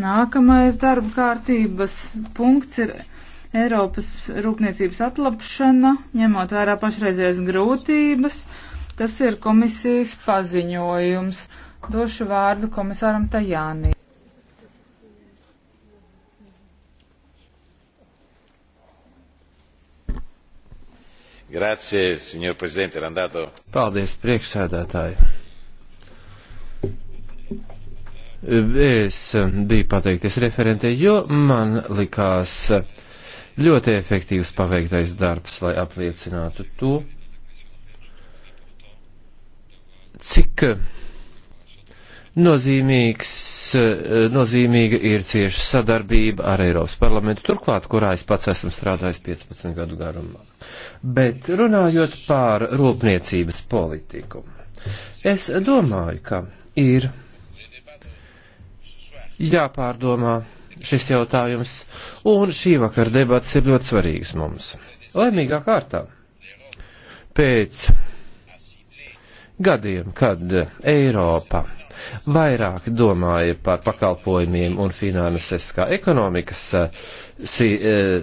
Nākamais darba kārtības punkts ir Eiropas rūpniecības atlapšana, ņemot vērā pašreizējās grūtības. Tas ir komisijas paziņojums. Došu vārdu komisāram Tajānī. Grazie, signor Presidente, randato. Paldies, priekšsēdētāji es eh, biju pateikties referentē, jo man likās eh, ļoti efektīvs paveiktais darbs, lai apliecinātu to, cik eh, nozīmīgs, nozīmīga ir cieša sadarbība ar Eiropas parlamentu, turklāt, kurā es pats esmu strādājis 15 gadu garumā. Bet runājot par rūpniecības politiku, es domāju, ka ir jāpārdomā šis jautājums, un šī vakara debats ir ļoti svarīgs mums. Laimīgā kārtā. Pēc gadiem, kad Eiropa vairāk domāja par pakalpojumiem un finanses kā ekonomikas eh, si, eh,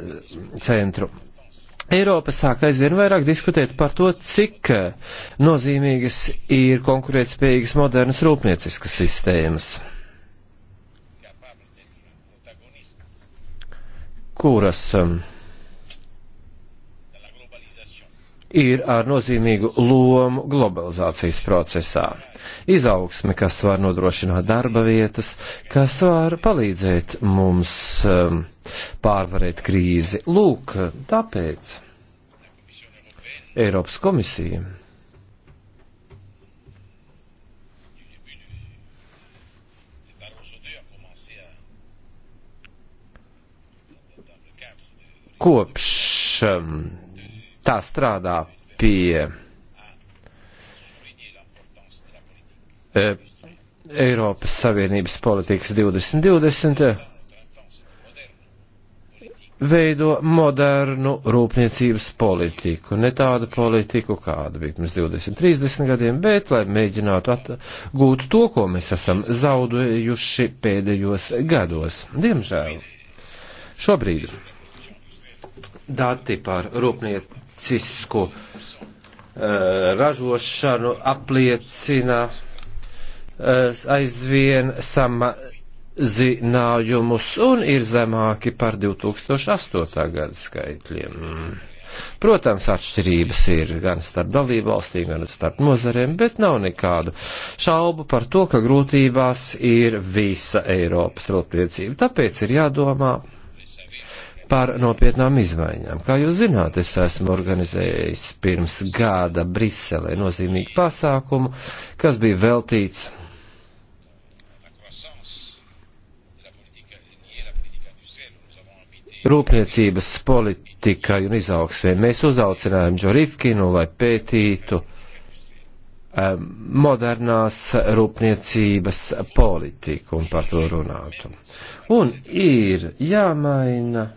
centru, Eiropa sāk aizvien vairāk diskutēt par to, cik eh, nozīmīgas ir konkurētspējīgas modernas rūpnieciskas sistēmas. kuras um, ir ar nozīmīgu lomu globalizācijas procesā. Izaugsme, kas var nodrošināt darba vietas, kas var palīdzēt mums um, pārvarēt krīzi. Lūk, tāpēc Eiropas komisija kopš um, tā strādā pie uh, Eiropas Savienības politikas 2020 veido modernu rūpniecības politiku, ne tādu politiku, kāda bija pirms 20, 30 gadiem, bet lai mēģinātu atgūt to, ko mēs esam zaudējuši pēdējos gados. Diemžēl šobrīd dati par rūpniecisku eh, ražošanu apliecina eh, aizvien samazinājumus un ir zemāki par 2008. gada skaitļiem. Protams, atšķirības ir gan starp dalību valstīm, gan starp nozarēm, bet nav nekādu šaubu par to, ka grūtībās ir visa Eiropas rūpniecība. Tāpēc ir jādomā par nopietnām izmaiņām. Kā jūs zināt, es esmu organizējis pirms gada Briselē nozīmīgu pasākumu, kas bija veltīts rūpniecības politikai un izaugsmē. Mēs uzaucinājām Džorifkinu, lai pētītu um, modernās rūpniecības politiku un par to runātu. Un ir jāmaina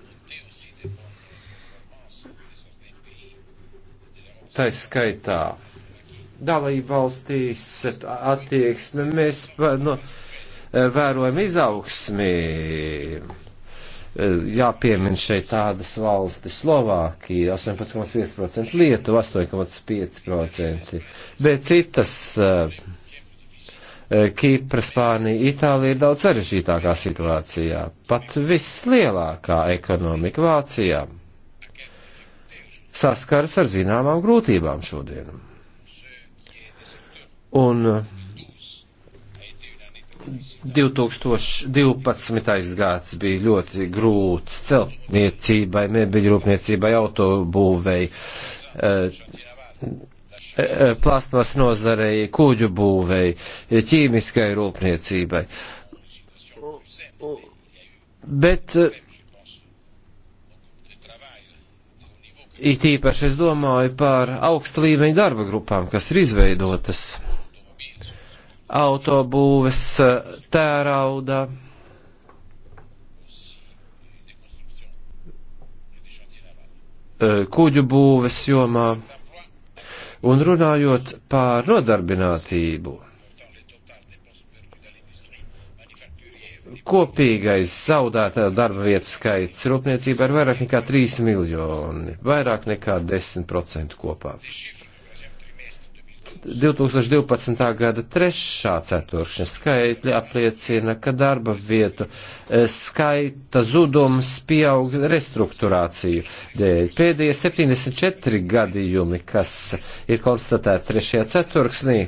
taisa skaitā dalību valstīs attieksme, mēs nu, vērojam izaugsmī. Jāpiemin šeit tādas valstis - Slovākija 18,5%, Lietuva 8,5%, bet citas eh, Kīpra, Spānija, Itālija ir daudz sarežģītākā situācijā, pat vislielākā ekonomika Vācijām saskaras ar zināmām grūtībām šodien. Un 2012. gads bija ļoti grūts celtniecībai, mēbeļrūpniecībai, autobūvei, eh, eh, eh, plasmas nozarei, kuģu būvei, ķīmiskai rūpniecībai. Bet It īpaši es domāju par augsta līmeņa darba grupām, kas ir izveidotas autobūves tērauda. kuģu būves jomā un runājot pār nodarbinātību. kopīgais zaudētā darba vietu skaits rūpniecībā ir vairāk nekā 3 miljoni, vairāk nekā 10% kopā. 2012. gada 3. ceturkšņa skaitļi apliecina, ka darba vietu e, skaita zudums pieaug restruktūrāciju dēļ. Pēdējie 74 gadījumi, kas ir konstatēti 3. ceturksnī,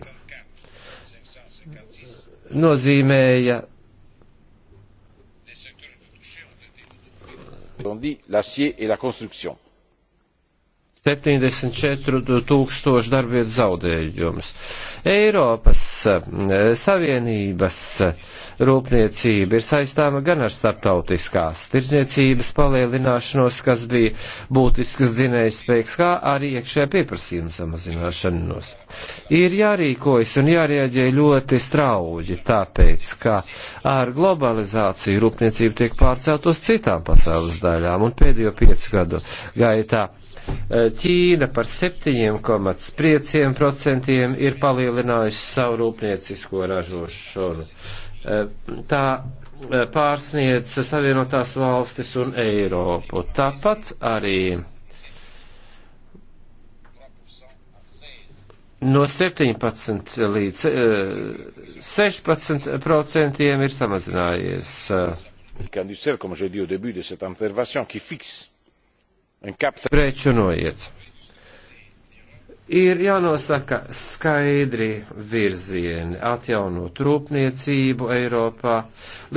nozīmēja on dit l'acier et la construction. 74 tūkstoši darbvietu zaudējumus. Eiropas eh, Savienības eh, rūpniecība ir saistāma gan ar starptautiskās tirdzniecības palielināšanos, kas bija būtisks dzinējs spēks, kā arī iekšējā pieprasījuma samazināšanos. Ir jārīkojas un jārieģē ļoti strauji, tāpēc, ka ar globalizāciju rūpniecība tiek pārcelt uz citām pasaules daļām un pēdējo piecu gadu gaitā Ķīna par 7,5% ir palielinājusi savu rūpniecisko ražošanu. Eh, tā eh, pārsniedz Savienotās valstis un Eiropu. Tāpat arī no 17 līdz 16 eh, procentiem ir samazinājies. Comme je dis au début de cette intervention, qui fixe Preču noiet. Ir jānosaka skaidri virzieni atjaunot rūpniecību Eiropā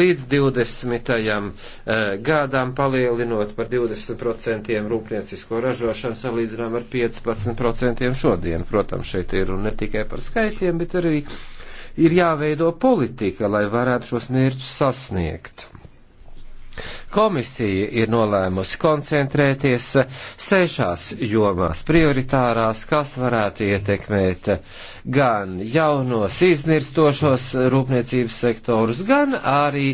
līdz 20. Eh, gadam palielinot par 20% rūpniecisko ražošanu salīdzinām ar 15% šodien. Protams, šeit ir un ne tikai par skaitiem, bet arī ir jāveido politika, lai varētu šos mērķus sasniegt Komisija ir nolēmusi koncentrēties sešās jomās prioritārās, kas varētu ietekmēt gan jaunos iznirstošos rūpniecības sektorus, gan arī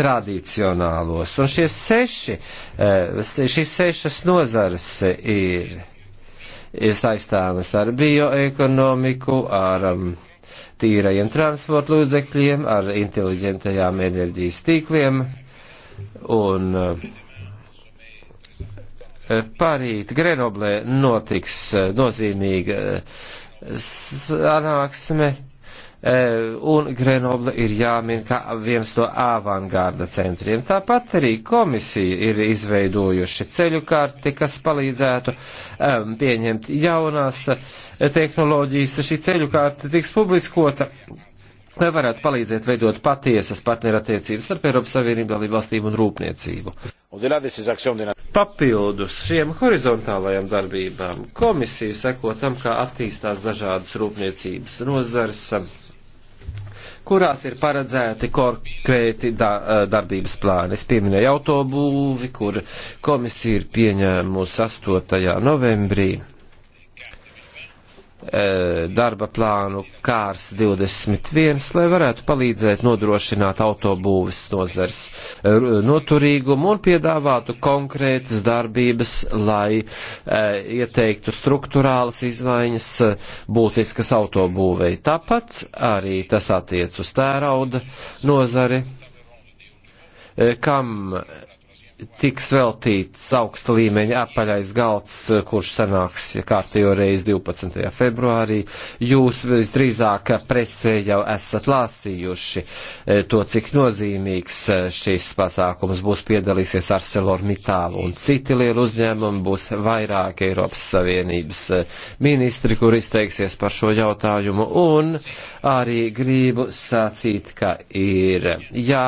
tradicionālos. Un šie seši, eh, šīs sešas nozares ir saistāmas ar bioekonomiku, ar um, tīrajiem transportlūdzekļiem, ar inteliģentajām enerģijas tīkliem, Un eh, parīt Grenoblē notiks eh, nozīmīga eh, sanāksme un Grenoble ir jāmin kā viens no avangārda centriem. Tāpat arī komisija ir izveidojuši ceļu karti, kas palīdzētu um, pieņemt jaunās tehnoloģijas. Šī ceļu karta tiks publiskota lai varētu palīdzēt veidot patiesas partnerattiecības starp Eiropas Savienību dalību valstīm un rūpniecību. Papildus šiem horizontālajām darbībām komisija seko tam, kā attīstās dažādas rūpniecības nozars, kurās ir paredzēti konkrēti da darbības plāni. Es pieminēju autobūvi, kur komisija ir pieņēmusi 8. novembrī E, darba plānu Kārs 21, lai varētu palīdzēt nodrošināt autobūves nozars e, noturīgumu un piedāvātu konkrētas darbības, lai e, ieteiktu struktūrālas izmaiņas būtiskas autobūvei. Tāpat arī tas attiec uz tērauda nozari, kam tiks veltīts augsta līmeņa apaļais galds, eh, kurš sanāks kārtējo reizi 12. februārī. Jūs visdrīzāk presē jau esat lāsījuši eh, to, cik nozīmīgs eh, šis pasākums būs piedalīsies Arcelor Mitālu un citi lieli uzņēmumi, būs vairāk Eiropas Savienības ministri, kur izteiksies par šo jautājumu. Un arī gribu sacīt, ka ir jā. Ja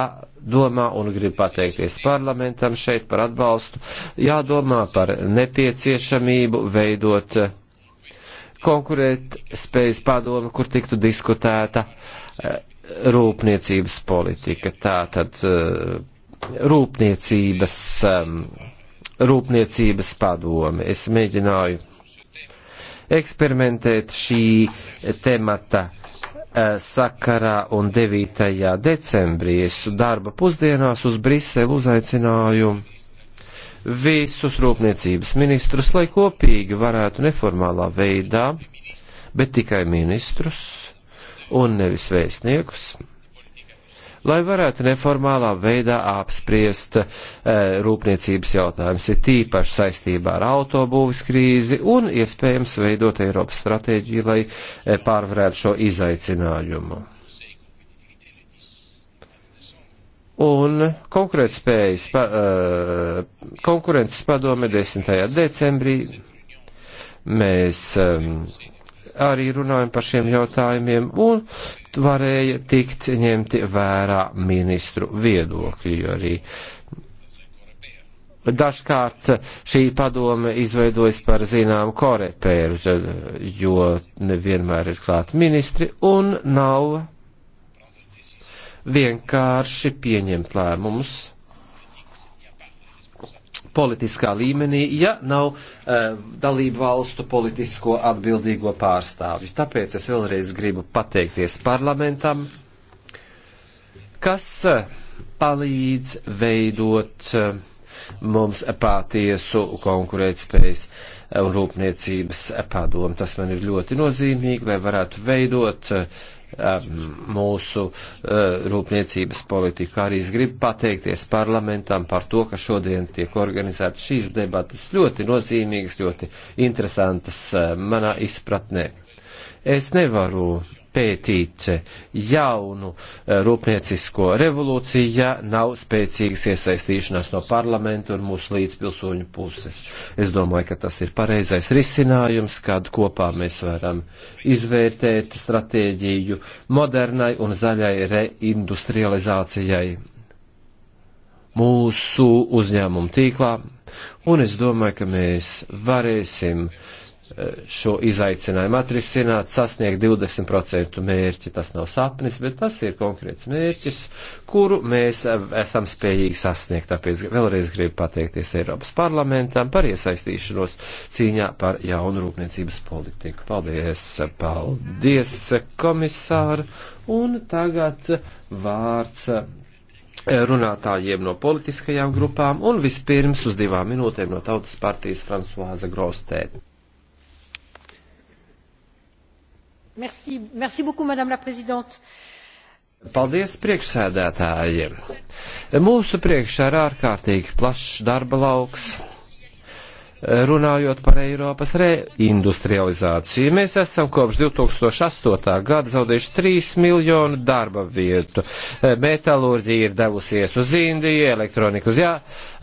domā un grib pateikties parlamentam šeit par atbalstu, jādomā par nepieciešamību veidot konkurēt spējas padomu, kur tiktu diskutēta eh, rūpniecības politika. Tātad eh, rūpniecības, ehm, rūpniecības padome. Es mēģināju eksperimentēt šī temata Eh, sakarā un 9. decembrī es darba pusdienās uz Briselu uzaicināju visus rūpniecības ministrus, lai kopīgi varētu neformālā veidā, bet tikai ministrus un nevis vēstniekus lai varētu neformālā veidā apspriest e, rūpniecības jautājumus, ir tīpaši saistībā ar autobūvis krīzi un iespējams veidot Eiropas stratēģiju, lai e, pārvarētu šo izaicinājumu. un konkurētspējas, pa, uh, konkurences padome 10. decembrī mēs um, arī runājam par šiem jautājumiem un varēja tikt ņemti vērā ministru viedokļi, jo arī dažkārt šī padome izveidojas par zinām korepēru, jo nevienmēr ir klāt ministri un nav vienkārši pieņemt lēmumus politiskā līmenī, ja nav uh, dalību valstu politisko atbildīgo pārstāvju. Tāpēc es vēlreiz gribu pateikties parlamentam, kas eh, palīdz veidot uh, mums patiesu konkurētspējas un rūpniecības padomu. Tas man ir ļoti nozīmīgi, lai varētu veidot uh, mūsu eh, rūpniecības politikā. Arī es gribu pateikties parlamentam par to, ka šodien tiek organizētas šīs debatas ļoti nozīmīgas, ļoti interesantas eh, manā izpratnē. Es nevaru pētīt jaunu eh, rūpniecisko revolūciju, ja nav spēcīgas iesaistīšanās no parlamentu un mūsu līdzpilsoņu puses. Es domāju, ka tas ir pareizais risinājums, kādu kopā mēs varam izvērtēt stratēģiju modernai un zaļai reindustrializācijai mūsu uzņēmumu tīklā, un es domāju, ka mēs varēsim uh, šo izaicinājumu atrisināt, sasniegt 20% mērķi. Tas nav sapnis, bet tas ir konkrēts mērķis, kuru mēs esam spējīgi sasniegt. Tāpēc vēlreiz gribu pateikties Eiropas parlamentam par iesaistīšanos cīņā par jaunu rūpniecības politiku. Paldies, paldies, komisāri! Un tagad vārds runātājiem no politiskajām grupām un vispirms uz divām minūtēm no Tautas partijas Fransuāza Grostēta. Merci, merci beaucoup, madame la prezidente. Paldies priekšsēdētājiem. Mūsu priekšā ir ārkārtīgi plašs darba lauks. Runājot par Eiropas reindustrializāciju, mēs esam kopš 2008. gada zaudējuši 3 miljonu darba vietu. Metalurģija ir devusies uz Indiju, elektroniku uz Jā,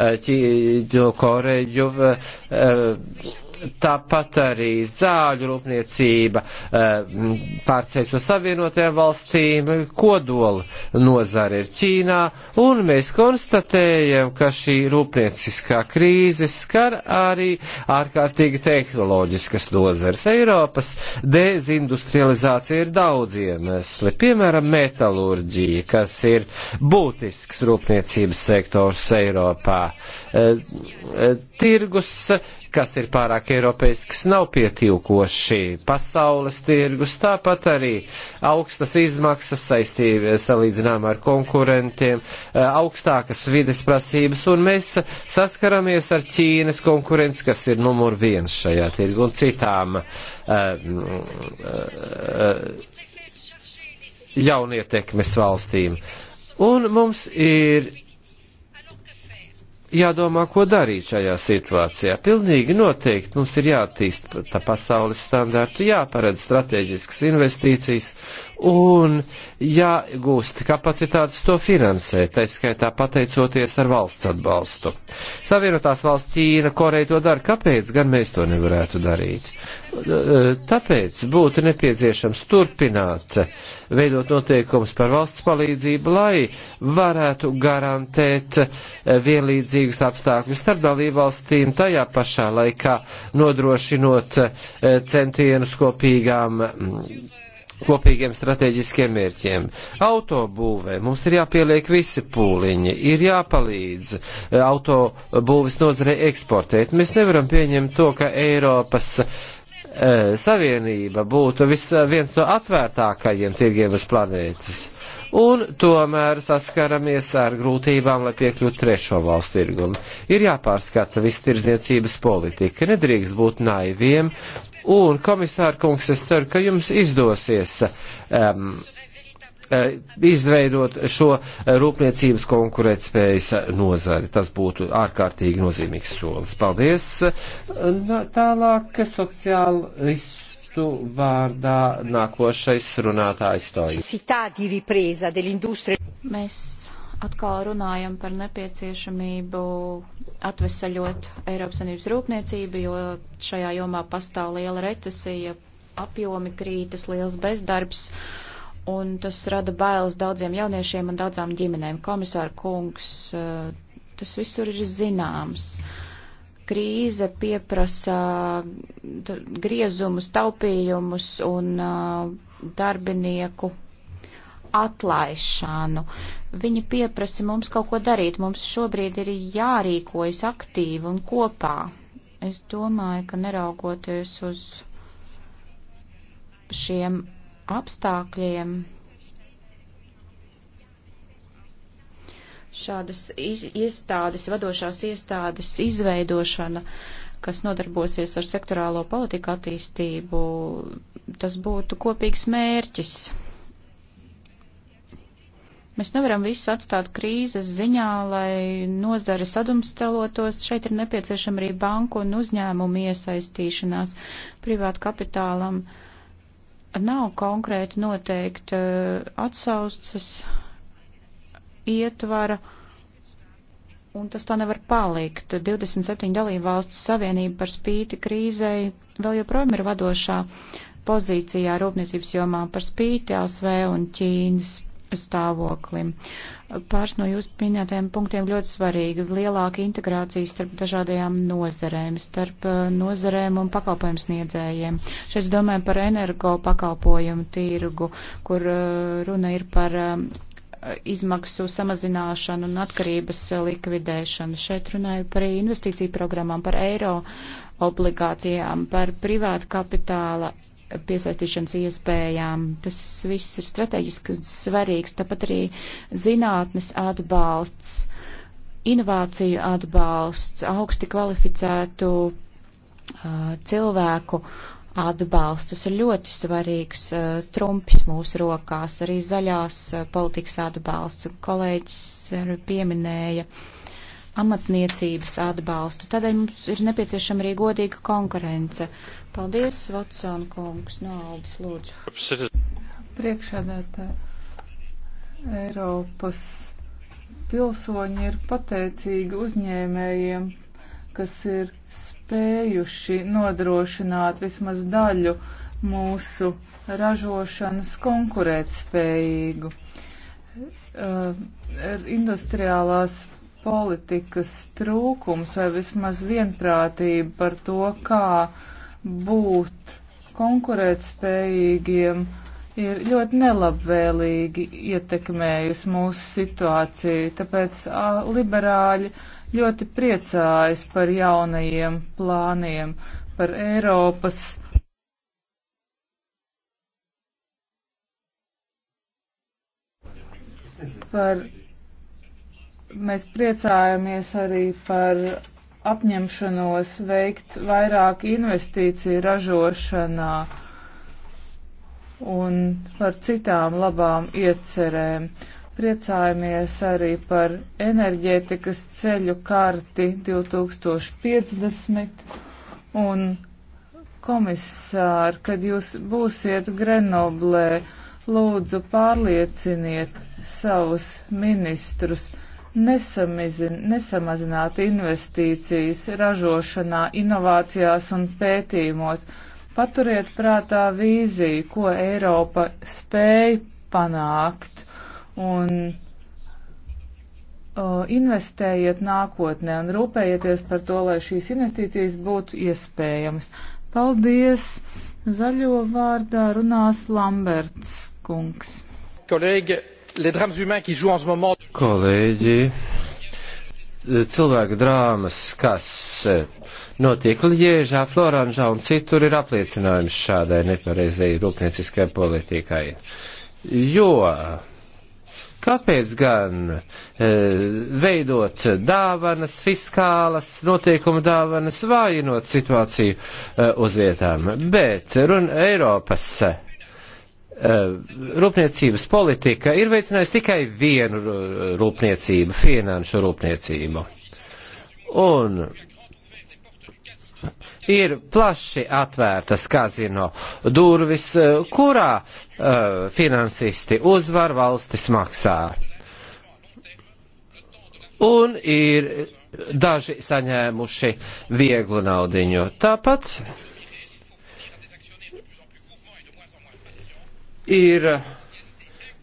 Ķīļu, Koreju. Uh, Tāpat arī zāļu rūpniecība eh, pārceļas uz savienotajām valstīm, kodola nozara ir Ķīnā, un mēs konstatējam, ka šī rūpnieciskā krīze skar arī ārkārtīgi tehnoloģiskas nozares. Eiropas dezindustrializācija ir daudz iemesli, piemēram, metalurģija, kas ir būtisks rūpniecības sektors Eiropā. Eh, eh, tirgus kas ir pārāk eiropeisks, nav pietilkoši. Pasaules tirgus tāpat arī augstas izmaksas saistība salīdzinām ar konkurentiem, eh, augstākas vides prasības, un mēs saskaramies ar Ķīnas konkurenci, kas ir numur viens šajā tirgu un citām. Um, um, jaunietekmes valstīm. Un mums ir jādomā, ko darīt šajā situācijā. Pilnīgi noteikti mums ir jātīst tā pasaules standārtu, jāparedz strateģiskas investīcijas, un jāgūst kapacitātes to finansēt, tā skaitā pateicoties ar valsts atbalstu. Savienotās valsts Ķīna, Koreja to dara, kāpēc gan mēs to nevarētu darīt? Tāpēc būtu nepieciešams turpināt veidot noteikums par valsts palīdzību, lai varētu garantēt vienlīdzīgus apstākļus starp dalībvalstīm, tajā pašā laikā nodrošinot centienus kopīgām kopīgiem strateģiskiem mērķiem. Autobūvē mums ir jāpieliek visi pūliņi, ir jāpalīdz eh, autobūvis nozarei eksportēt. Mēs nevaram pieņemt to, ka Eiropas eh, Savienība būtu vis, eh, viens no atvērtākajiem tirgiem uz planētas. Un tomēr saskaramies ar grūtībām, lai piekļūtu trešo valstu tirgumu. Ir jāpārskata viss tirzniecības politika. Nedrīkst būt naiviem Un, komisāra kungs, es ceru, ka jums izdosies um, izveidot šo eh, rūpniecības konkurētspējas nozari. Tas būtu ārkārtīgi nozīmīgs solis. Paldies. Tālāk sociālistu vārdā nākošais runātājs to. Mēs atkal runājam par nepieciešamību atvesaļot Eiropas Savienības rūpniecību, jo šajā jomā pastāv liela recesija, apjomi krītas, liels bezdarbs, un tas rada bailes daudziem jauniešiem un daudzām ģimenēm. Komisāra kungs, eh, tas visur ir zināms. Krīze pieprasa griezumus, taupījumus un eh, darbinieku atlaišanu. Viņi pieprasa mums kaut ko darīt. Mums šobrīd ir jārīkojas aktīvi un kopā. Es domāju, ka neraugoties uz šiem apstākļiem, šādas iz, iestādes, vadošās iestādes izveidošana, kas nodarbosies ar sektorālo politiku attīstību, tas būtu kopīgs mērķis. Mēs nevaram visu atstāt krīzes ziņā, lai nozare sadumstalotos. Šeit ir nepieciešama arī banku un uzņēmumu iesaistīšanās privātu kapitālam. Nav konkrēti noteikti eh, atsaucas ietvara. Un tas tā nevar palikt. 27 dalībvalstu savienība par spīti krīzei vēl joprojām ir vadošā pozīcijā rūpniecības jomā par spīti ASV un Ķīnas stāvoklim. Pāris no jūsu minētajiem punktiem ļoti svarīgi - lielāka integrācija starp dažādajām nozerēm, starp uh, nozerēm un pakalpojumu sniedzējiem. Šeit es domāju par energo pakalpojumu tirgu, kur uh, runa ir par um, izmaksu samazināšanu un atkarības uh, likvidēšanu. Šeit runāju par investīciju programmām, par eiro obligācijām, par privātu kapitāla piesaistīšanas iespējām. Tas viss ir strateģiski svarīgs, tāpat arī zinātnes atbalsts, inovāciju atbalsts, augsti kvalificētu uh, cilvēku atbalsts. Tas ir ļoti svarīgs uh, trumpis mūsu rokās, arī zaļās uh, politikas atbalsts. Kolēģis pieminēja amatniecības atbalstu. Tādēļ mums ir nepieciešama arī godīga konkurence. Uh, Paldies, Vatsona kungs, no Aldis lūdzu. Priekšādētā Eiropas pilsoņi ir pateicīgi uzņēmējiem, kas ir spējuši nodrošināt vismaz daļu mūsu ražošanas konkurētspējīgu. Uh, er, industriālās politikas trūkums vai vismaz vienprātība par to, kā būt konkurētspējīgiem ir ļoti nelabvēlīgi ietekmējusi mūsu situāciju, tāpēc a, liberāļi ļoti priecājas par jaunajiem plāniem, par Eiropas. Par, mēs priecājamies arī par apņemšanos veikt vairāk investīciju ražošanā un par citām labām iecerēm. Priecājamies arī par enerģētikas ceļu karti 2050 un komisāri, kad jūs būsiet Grenoblē, lūdzu pārlieciniet savus ministrus nesamazināt investīcijas ražošanā, inovācijās un pētījumos. Paturiet prātā vīziju, ko Eiropa spēj panākt un uh, investējiet nākotnē un rūpējieties par to, lai šīs investīcijas būtu iespējamas. Paldies! Zaļo vārdā runās Lamberts kungs. Kolēģi, les drames humains qui jouent en ce moment. Kolēģi, cilvēku drāmas, kas eh, notiek Liežā, Floranžā un citur, ir apliecinājums šādai nepareizai rūpnieciskai politikai. Jo Kāpēc gan e, veidot dāvanas, fiskālas, notiekuma dāvanas, vājinot situāciju e, uz vietām? Bet runa Eiropas Eh, rūpniecības politika ir veicinājusi tikai vienu rūpniecību, finanšu rūpniecību. Un ir plaši atvērtas kazino durvis, eh, kurā uh, finansisti uzvar, valstis maksā. Un ir daži saņēmuši vieglu naudiņu. Tāpat ir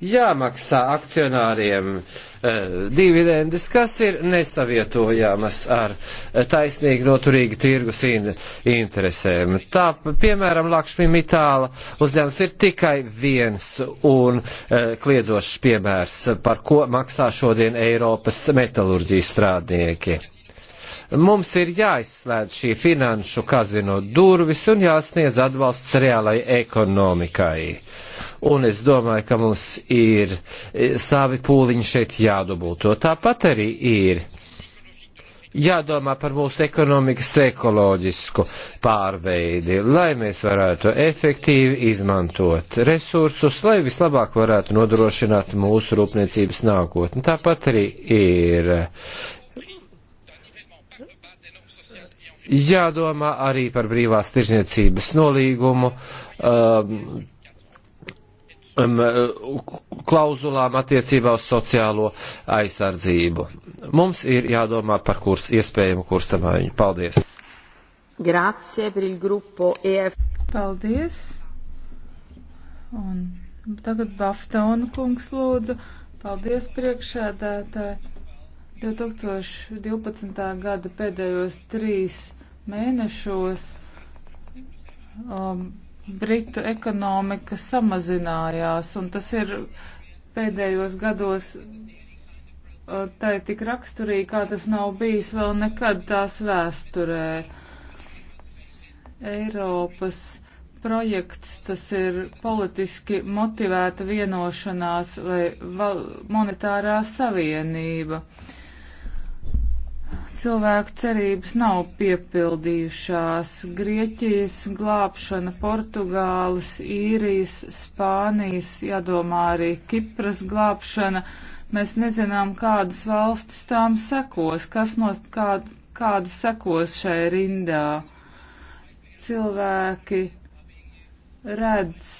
jāmaksā akcionāriem uh, dividendes, kas ir nesavietojamas ar eh, taisnīgi noturīgi tirgus in interesēm. Tā, piemēram, Lakšmī Mitāla uzņēmums ir tikai viens un uh, kliedzošs piemērs, par ko maksā šodien Eiropas metalurģijas strādnieki. Mums ir jāizslēdz šī finanšu kazino durvis un jāsniedz atbalsts reālai ekonomikai un es domāju, ka mums ir e, savi pūliņi šeit jādubulto. Tāpat arī ir jādomā par mūsu ekonomikas ekoloģisku pārveidi, lai mēs varētu efektīvi izmantot resursus, lai vislabāk varētu nodrošināt mūsu rūpniecības nākotni. Tāpat arī ir jādomā arī par brīvās tirzniecības nolīgumu. Um, Um, klauzulām attiecībā uz sociālo aizsardzību. Mums ir jādomā par kurs, iespējamu kursamaiņu. Paldies! Grazie per il gruppo EF. Paldies! Un tagad Baftona kungs lūdzu. Paldies priekšēdētāji. 2012. gada pēdējos trīs mēnešos um, Britu ekonomika samazinājās, un tas ir pēdējos gados uh, tā ir tik raksturīgi, kā tas nav bijis vēl nekad tās vēsturē. Eiropas projekts, tas ir politiski motivēta vienošanās vai monetārā savienība. Uh, cilvēku cerības nav piepildījušās. Grieķijas glābšana, Portugāles, īrijas, Spānijas, jādomā arī Kipras glābšana. Mēs nezinām, kādas valstis tām sekos, kas no kā, kādas sekos šai rindā. Cilvēki redz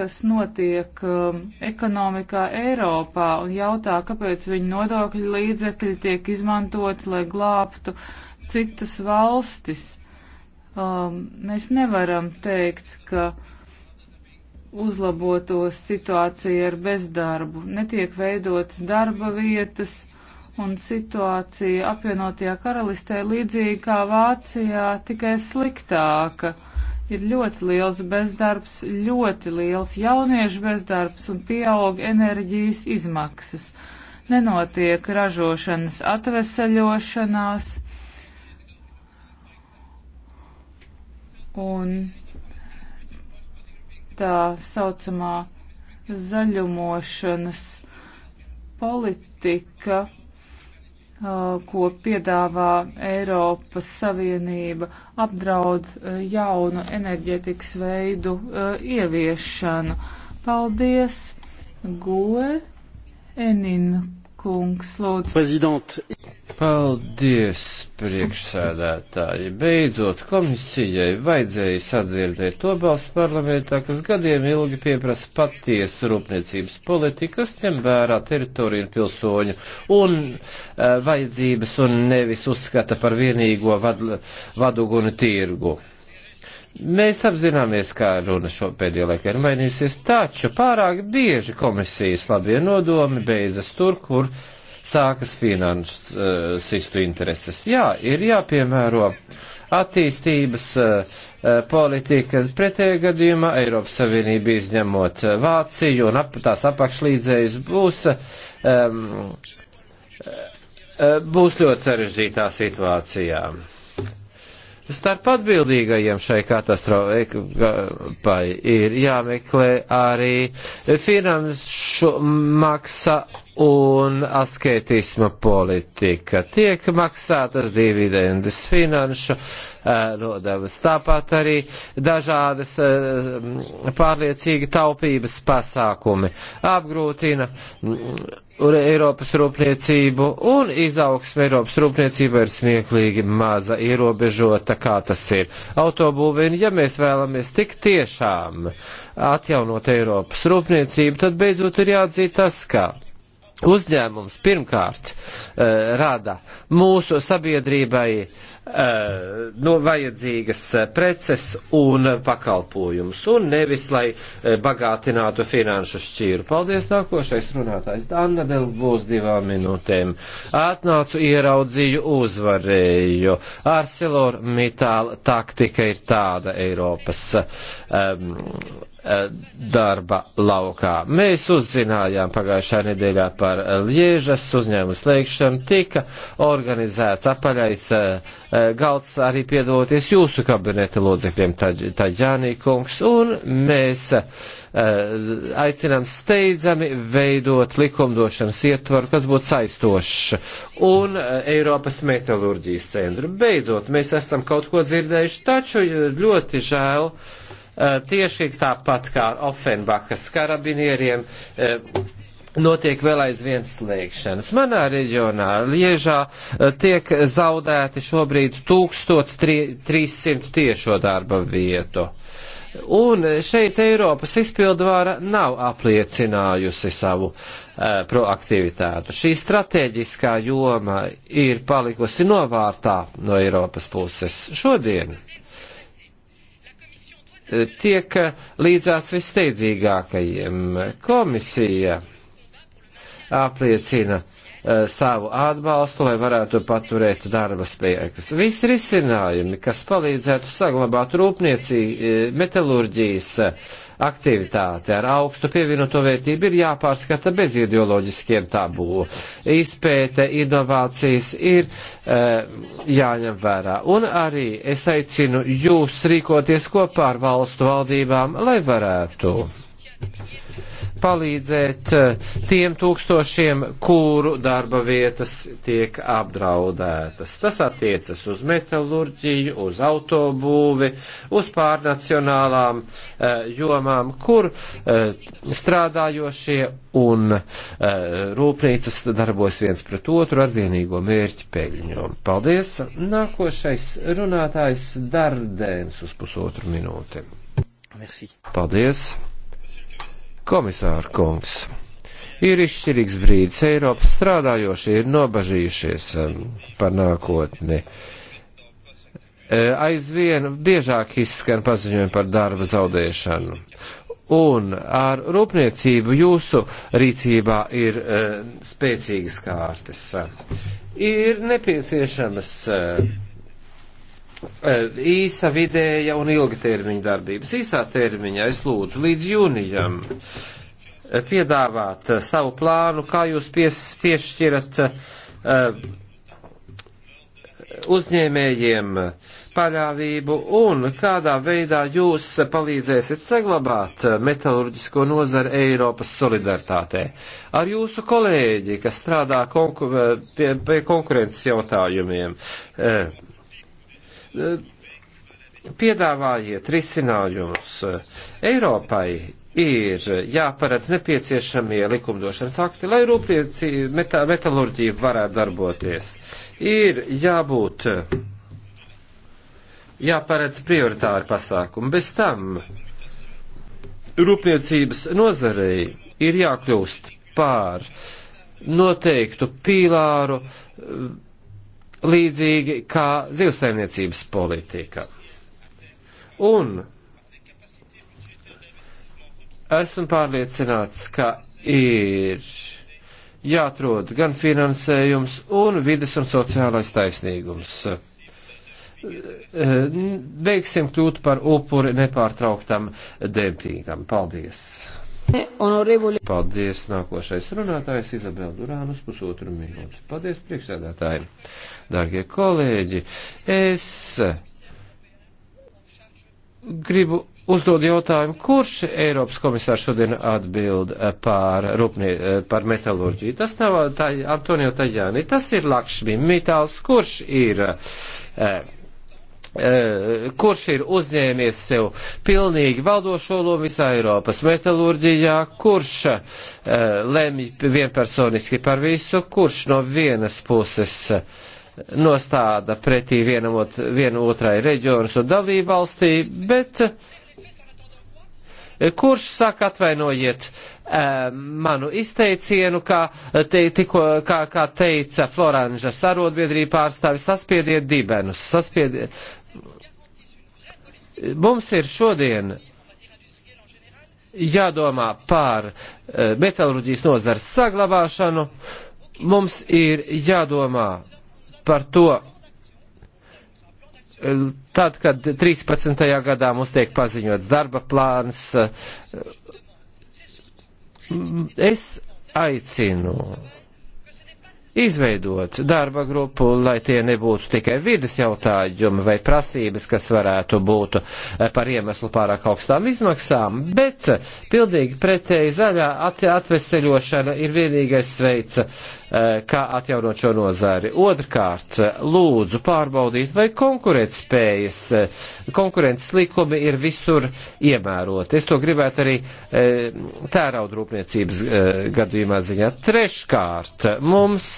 kas notiek um, ekonomikā Eiropā un jautā, kāpēc viņu nodokļu līdzekļi tiek izmantoti, lai glābtu citas valstis. Um, mēs nevaram teikt, ka uzlabotos situācija ar bezdarbu, netiek veidotas darba vietas un situācija apvienotajā karalistē līdzīgi kā Vācijā, tikai sliktāka ir ļoti liels bezdarbs, ļoti liels jauniešu bezdarbs un pieaug enerģijas izmaksas. Nenotiek ražošanas atvesaļošanās un tā saucamā zaļumošanas politika Uh, ko piedāvā Eiropas Savienība, apdraud uh, jaunu enerģetikas veidu uh, ieviešanu. Paldies, Goe, Enin kungs, lūdzu. Prezident. Paldies, priekšsēdētāji. Beidzot, komisijai vajadzēja sadzirdēt to balstu parlamentā, kas gadiem ilgi pieprasa patiesu rūpniecības politiku, kas ņem vērā teritoriju un pilsoņu un e, vajadzības un nevis uzskata par vienīgo vad, vadugunu tirgu. Mēs apzināmies, kā runa šo pēdējo laiku ir mainījusies, taču pārāk bieži komisijas labie nodomi beidzas tur, kur sākas finansistu intereses. Jā, ir jāpiemēro attīstības eh, politika. Pretējā gadījumā Eiropas Savienība izņemot eh, Vāciju un ap, tās apakšlīdzējus būs, um, būs ļoti sarežģītā situācijā. Starp atbildīgajiem šai katastrofai ir jāmeklē arī finanšu maksa un asketisma politika. Tiek maksātas dividendes finanšu eh, nodevas. Tāpat arī dažādas eh, pārliecīgi taupības pasākumi apgrūtina mm, Eiropas rūpniecību un izaugsme Eiropas rūpniecība ir smieklīgi maza, ierobežota, kā tas ir. Autobūvēni, ja mēs vēlamies tik tiešām atjaunot Eiropas rūpniecību, tad beidzot ir jāatzīt tas, ka Uzņēmums pirmkārt eh, rada mūsu sabiedrībai eh, no vajadzīgas eh, preces un pakalpojumus, un nevis, lai bagātinātu finanšu šķīru. Paldies, nākošais runātājs Anna Del būs divām minūtēm. Atnācu, ieraudzīju, uzvarēju. Arcelor Mitāla taktika ir tāda Eiropas. Um, Eh, darba laukā. Mēs uzzinājām pagājušā nedēļā par Liežas uzņēmu slēgšanu, tika organizēts apaļais eh, eh, galds arī piedoties jūsu kabineta locekļiem, Taģānī kungs, un mēs aicinām steidzami veidot likumdošanas ietvaru, kas būtu saistošs, un Eiropas metalurģijas centru. Beidzot, mēs esam kaut ko dzirdējuši, taču ļoti žēl, Eh, tieši tāpat kā Offenbachas karabinieriem eh, notiek vēl aizvien slēgšanas. Manā reģionā, Liežā, eh, tiek zaudēti šobrīd 1300 tiešo darba vietu. Un šeit Eiropas izpildvāra nav apliecinājusi savu uh, proaktivitātu. Šī strateģiskā joma ir palikusi novārtā no Eiropas puses šodien tiek līdzāts visteidzīgākajiem. Komisija apliecina eh, savu atbalstu, lai varētu paturēt darba spēkus. Visi risinājumi, kas palīdzētu saglabāt rūpniecī, eh, metalurģijas aktivitāte ar augstu pievienoto vērtību ir jāpārskata bez ideoloģiskiem tabū. Izpēte, inovācijas ir e, jāņem vērā. Un arī es aicinu jūs rīkoties kopā ar valstu valdībām, lai varētu palīdzēt eh, tiem tūkstošiem, kuru darba vietas tiek apdraudētas. Tas attiecas uz metalurģiju, uz autobūvi, uz pārnacionālām eh, jomām, kur eh, strādājošie un rūpnīcas darbojas viens pret otru ar vienīgo mērķi peļņu. Paldies! Nākošais runātājs Dardēns uz pusotru minūti. Merci. Paldies! Komisāra kungs, ir izšķirīgs brīdis. Eiropas strādājošie ir nobažījušies um, par nākotni. E, aizvien biežāk izskan paziņojumi par darba zaudēšanu un ar rūpniecību jūsu rīcībā ir uh, spēcīgas kārtas. Ir nepieciešamas uh, Eh, īsa vidēja un ilgtermiņa darbības. Īsā termiņā es lūdzu līdz jūnijam eh, piedāvāt eh, savu plānu, kā jūs pies, piešķirat uh, uzņēmējiem paļāvību un kādā veidā jūs palīdzēsiet saglabāt metalurģisko nozaru Eiropas solidaritātē. Ar jūsu kolēģi, kas strādā konkur pie, pie konkurences jautājumiem, uh, Eh, piedāvājiet risinājumus. Eiropai ir jāparedz nepieciešamie likumdošanas akti, lai rūpniecība, metā, metalurģija varētu darboties. Ir jābūt, jāparedz prioritāri pasākumi. Bez tam rūpniecības nozarei ir jākļūst pār noteiktu pīlāru līdzīgi kā zivsaimniecības politika. Un esmu pārliecināts, ka ir jāatrod gan finansējums un vides un sociālais taisnīgums. Beigsim kļūt par upuri nepārtrauktam dempingam. Paldies! Paldies, nākošais runātājs Izabela Durānus, pusotru minūti. Paldies, priekšsēdētāji. Dārgie kolēģi, es gribu uzdod jautājumu, kurš Eiropas komisārs šodien atbild par, rūpnie, par metalurģiju. Tas nav tā, Antonio Tajāni, tas ir Lakšmi Mitāls, kurš ir. Eh, Eh, kurš ir uzņēmies sev pilnīgi valdošo lomu visā Eiropas metalurģijā, kurš uh, lemj vienpersoniski par visu, kurš no vienas puses nostāda pretī vienam ot, vienu otrai reģionus un dalību valstī, bet eh, kurš saka atvainojiet uh, manu izteicienu, kā, te, tiko, kā, kā teica Floranžas arotbiedrība pārstāvis, saspiediet dibenus, saspiediet, Mums ir šodien jādomā par eh, metalurģijas nozars saglabāšanu, mums ir jādomā par to, eh, tad, kad 13. gadā mums tiek paziņots darba plāns, eh, es aicinu izveidot darba grupu, lai tie nebūtu tikai vidas jautājumi vai prasības, kas varētu būt eh, par iemeslu pārāk augstām izmaksām, bet pildīgi pretēji zaļā atveseļošana ir vienīgais veids Eh, kā atjaunot šo nozari. Otrkārt, lūdzu pārbaudīt, vai konkurētspējas, eh, konkurences likumi ir visur iemēroti. Es to gribētu arī eh, tērauda rūpniecības gadījumā ziņā. Treškārt, mums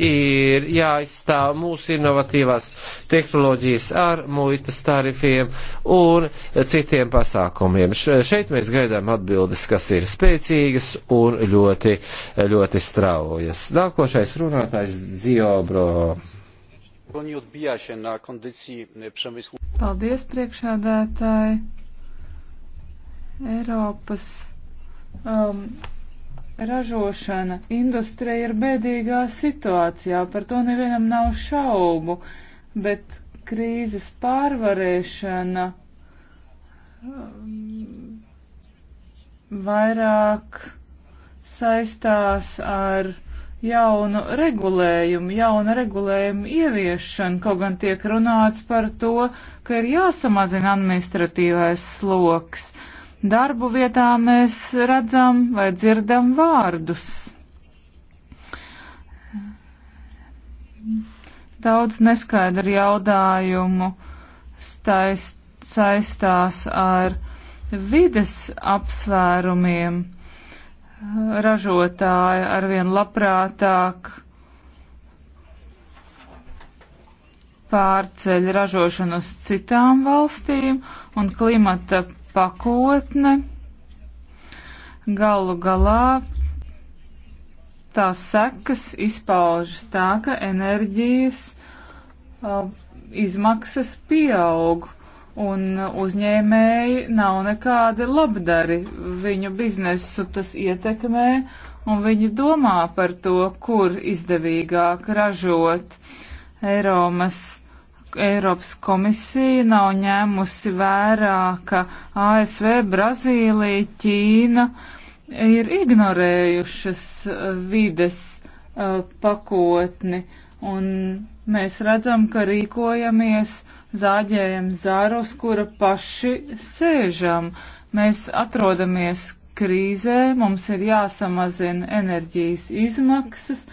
ir jāizstāv mūsu inovatīvās tehnoloģijas ar muitas tarifiem un citiem pasākumiem. Šeit mēs gaidām atbildes, kas ir spēcīgas un ļoti, ļoti straujas. Nāk Nākošais runātājs Dziobro. E, Paldies, priekšādātāji. Eiropas um, ražošana, industrija ir bēdīgā situācijā, par to nevienam nav šaubu, bet krīzes pārvarēšana um, vairāk saistās ar jaunu regulējumu, jauna regulējuma ieviešanu, kaut gan tiek runāts par to, ka ir jāsamazina administratīvais sloks. Darbu vietā mēs redzam vai dzirdam vārdus. Daudz neskaidru jautājumu staist, saistās ar vides apsvērumiem ražotāji arvien labprātāk pārceļ ražošanu uz citām valstīm un klimata pakotne galu galā tās sekas izpaužas tā, ka enerģijas uh, izmaksas pieaug un uzņēmēji nav nekādi labdari. Viņu biznesu tas ietekmē, un viņi domā par to, kur izdevīgāk ražot. Eiromas, Eiropas komisija nav ņēmusi vērā, ka ASV, Brazīlija, Ķīna ir ignorējušas uh, vides uh, pakotni, un mēs redzam, ka rīkojamies uh, zāģējam zārus, kura paši sēžam. Mēs atrodamies krīzē, mums ir jāsamazina enerģijas izmaksas,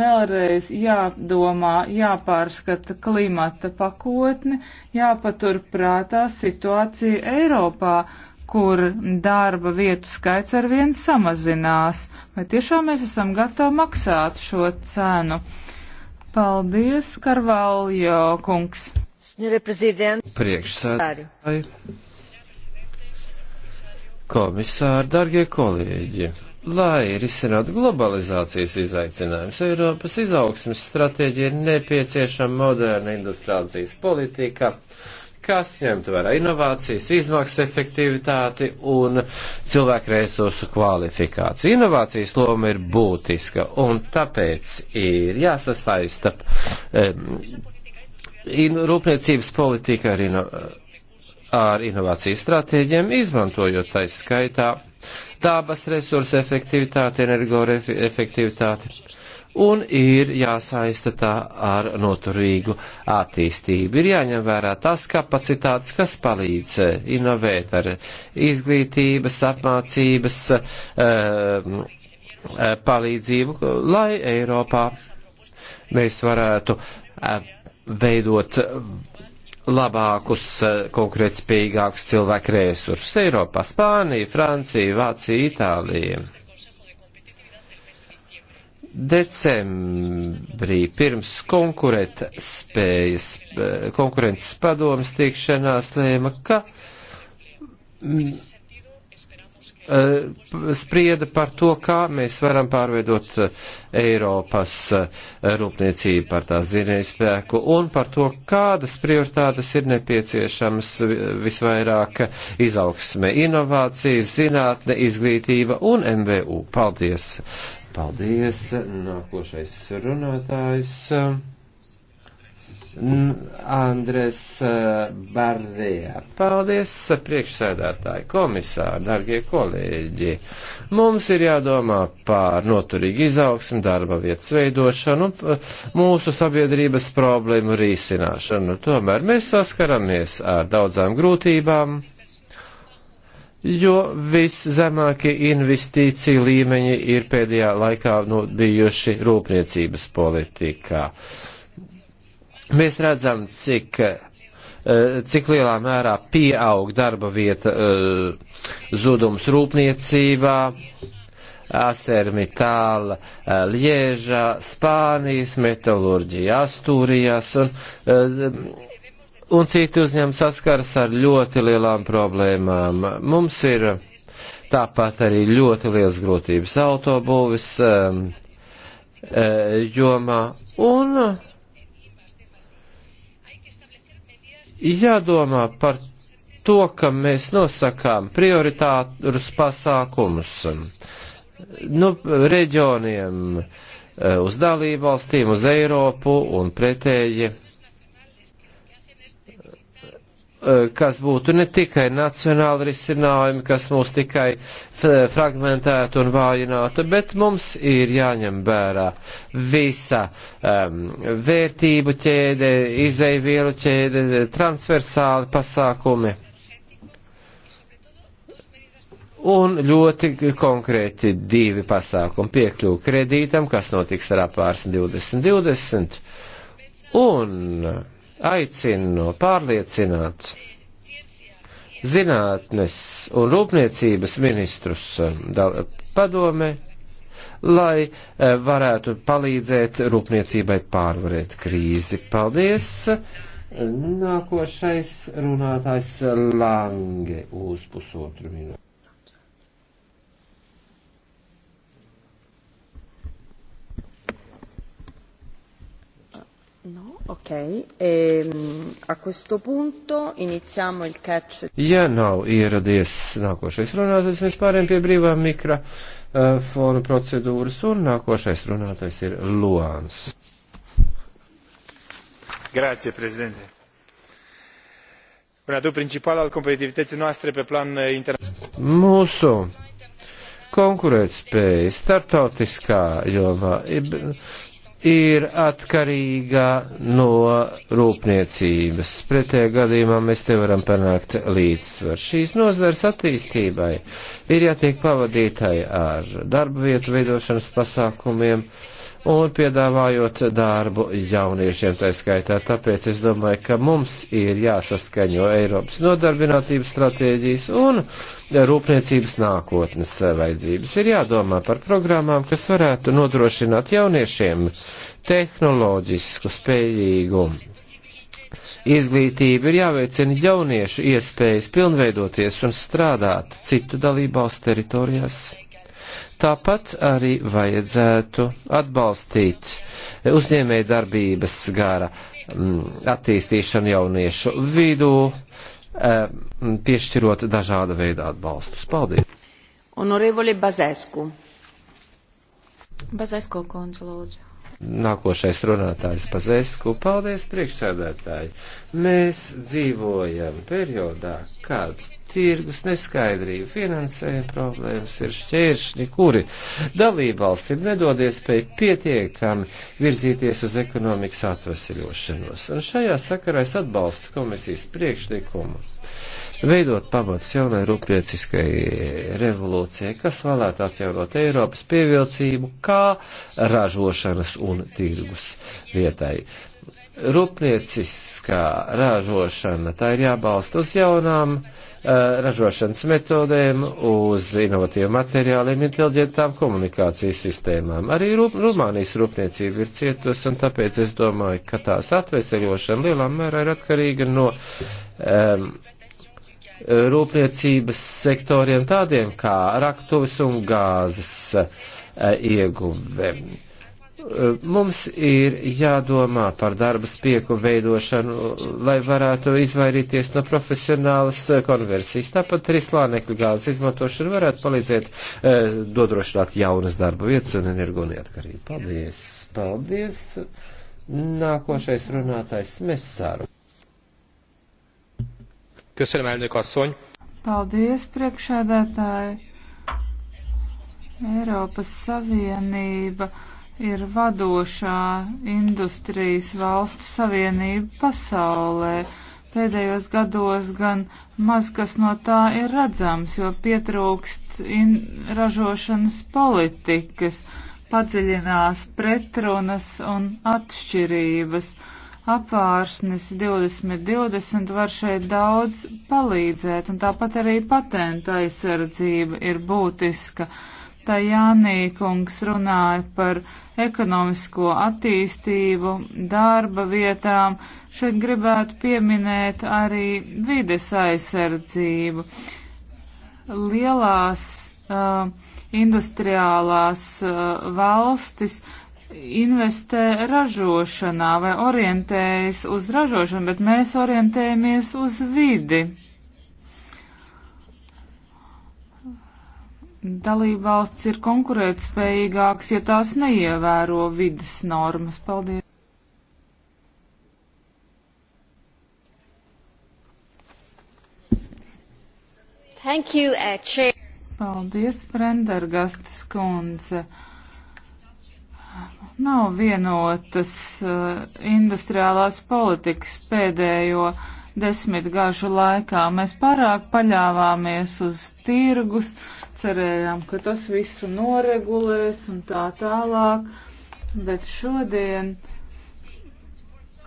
vēlreiz jādomā, jāpārskata klimata pakotni, jāpatur prātā situācija Eiropā, kur darba vietu skaits ar vien samazinās. Vai tiešām mēs esam gatavi maksāt šo cenu? Paldies, Karvaljo kungs! Priekšsēdētāji, komisāri, dargie kolēģi, lai risinātu globalizācijas izaicinājumus, Eiropas izaugsmes stratēģija ir nepieciešama moderna industrializācijas politika, kas ņemtu vērā inovācijas, izmaksu efektivitāti un cilvēku resursu kvalifikāciju. Inovācijas loma ir būtiska, un tāpēc ir jāsastājas starp um, in, rūpniecības politika ar, ino, ar inovāciju stratēģiem, izmantojot taisa skaitā dabas resursu efektivitāti, energoefektivitāti. Un ir jāsaista tā ar noturīgu attīstību. Ir jāņem vērā tas kapacitātes, kas palīdz eh, inovēt ar izglītības, apmācības eh, eh, palīdzību, lai Eiropā mēs varētu veidot labākus, eh, konkurētspējīgākus cilvēku resursus Eiropā - Spānija, Francija, Vācija, Itālija. Decembrī pirms konkurētspējas, eh, konkurences padomas tikšanās lēma, ka Eh, sprieda par to, kā mēs varam pārveidot eh, Eiropas eh, rūpniecību par tās zinēju spēku un par to, kādas prioritātes ir nepieciešams visvairāk izaugsme, inovācijas, zinātne, izglītība un MVU. Paldies! Paldies! Nākošais runātājs. Andres eh, Barrija. Paldies, eh, priekšsēdētāji, komisāri, dargie kolēģi. Mums ir jādomā par noturīgu izaugsmu, darba vietas veidošanu un eh, mūsu sabiedrības problēmu risināšanu. Tomēr mēs saskaramies ar daudzām grūtībām jo viszemākie investīcija līmeņi ir pēdējā laikā nu, bijuši rūpniecības politikā. Uh, Mēs redzam, cik, eh, cik lielā mērā pieaug darba vieta eh, zudums rūpniecībā, Asermitāla, eh, Liežā, Spānijas, metalurģija Astūrijās un, un citi uzņēmumi saskaras ar ļoti lielām problēmām. Mums ir tāpat arī ļoti liels grūtības autobūvis jomā un jādomā par to, ka mēs nosakām prioritārus pasākumus um, nu, reģioniem, uh, uz dalību valstīm, uz Eiropu un pretēji Eh, kas būtu ne tikai nacionāli risinājumi, kas mūs tikai fragmentētu un vājinātu, bet mums ir jāņem vērā visa um, vērtību ķēde, izeivielu ķēde, transversāli pasākumi un ļoti konkrēti divi pasākumi piekļuvu kredītam, kas notiks ar apvārsni 2020, un aicinu pārliecināt zinātnes un rūpniecības ministrus um, padome, lai eh, varētu palīdzēt rūpniecībai pārvarēt krīzi. Paldies! Nākošais runātājs Lange uz pusotru minūti. Ok, ehm, a questo punto iniziamo il catch. Ja nav ieradies nākošais runātājs, mēs pārējām pie brīvā mikrofona eh, procedūras un nākošais runātājs ir Luāns. Grazie, prezidente. Un atu principal al competitivității noastre pe plan eh, internațional. Mūsu konkurētspēja startautiskā jomā ir atkarīga no rūpniecības. Pretējā gadījumā mēs te varam panākt līdzsvaru. Šīs nozars attīstībai ir jātiek pavadītāji ar darba vietu veidošanas pasākumiem. Uh, un piedāvājot darbu jauniešiem tā skaitā. Tāpēc es domāju, ka mums ir jāsaskaņo Eiropas nodarbinātības stratēģijas un rūpniecības nākotnes vajadzības. Ir jādomā par programmām, kas varētu nodrošināt jauniešiem tehnoloģisku spējīgumu izglītība ir jāveicina jauniešu iespējas pilnveidoties un strādāt citu dalībvalstu teritorijās. Tāpat arī vajadzētu atbalstīt uzņēmēju darbības gara mm, attīstīšanu jauniešu vidū, eh, piešķirot dažāda veida atbalstus. Paldies! Honorevole Bazesku. Bazesku kundze, lūdzu. Nākošais runātājs Pazēsku. Paldies, priekšsēdētāji. Mēs dzīvojam periodā, kad tirgus neskaidrība, finansējuma problēmas ir šķēršļi, kuri dalībvalstīm nedod iespēju pietiekami virzīties uz ekonomikas atvesaļošanos. Un šajā sakarā es atbalstu komisijas priekšlikumu veidot pamats jaunai rūpnieciskai revolūcijai, kas vēlētu atjaunot Eiropas pievilcību kā ražošanas un tirgus vietai. Rūpnieciskā ražošana, tā ir jābalsta uz jaunām uh, ražošanas metodēm, uz inovatīvu materiāliem, inteliģentām komunikācijas sistēmām. Arī Rūp Rumānijas rūpniecība ir cietusi, un tāpēc es domāju, ka tās atveseļošana lielā mērā ir atkarīga no um, rūpniecības sektoriem tādiem kā raktuvis un gāzes e, ieguve. E, mums ir jādomā par darba spieku veidošanu, lai varētu izvairīties no profesionālas e, konversijas. Tāpat rislānekļu gāzes izmantošana varētu palīdzēt dodrošināt jaunas darba vietas un energo neatkarību. Paldies! Paldies! Nākošais runātājs Mesāru. Köszönöm, elnök asszony! Paldies, priekšēdētāji! Eiropas Savienība ir vadošā industrijas valstu savienība pasaulē. Pēdējos gados gan maz kas no tā ir redzams, jo pietrūkst in, ražošanas politikas, padziļinās pretrunas un atšķirības apvāršnis 2020 var šeit daudz palīdzēt, un tāpat arī patenta aizsardzība ir būtiska. Tā Jānīkungs runāja par ekonomisko attīstību, darba vietām. Šeit gribētu pieminēt arī vides aizsardzību. Lielās uh, industriālās uh, valstis investē ražošanā vai orientējas uz ražošanu, bet mēs orientējamies uz vidi. Dalībvalsts ir konkurētspējīgāks, ja tās neievēro vidas normas. Paldies! Thank you, uh, Paldies, Prendergastas kundze. Uh, nav vienotas uh, industriālās politikas pēdējo desmitgažu laikā. Mēs pārāk paļāvāmies uz tirgus, cerējām, ka tas visu noregulēs un tā tālāk, bet šodien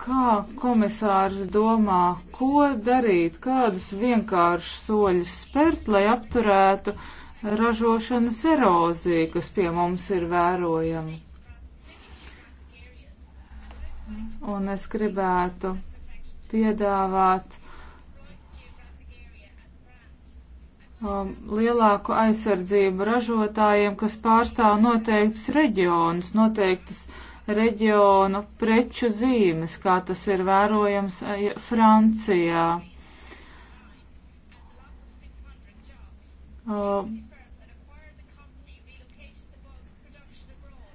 kā komisārs domā, ko darīt, kādus vienkāršus soļus spērt, lai apturētu ražošanas eroziju, kas pie mums ir vērojama? un es gribētu piedāvāt um, lielāku aizsardzību ražotājiem, kas pārstāv noteiktus reģionus, noteiktas reģionu preču zīmes, kā tas ir vērojams eh, Francijā. Um,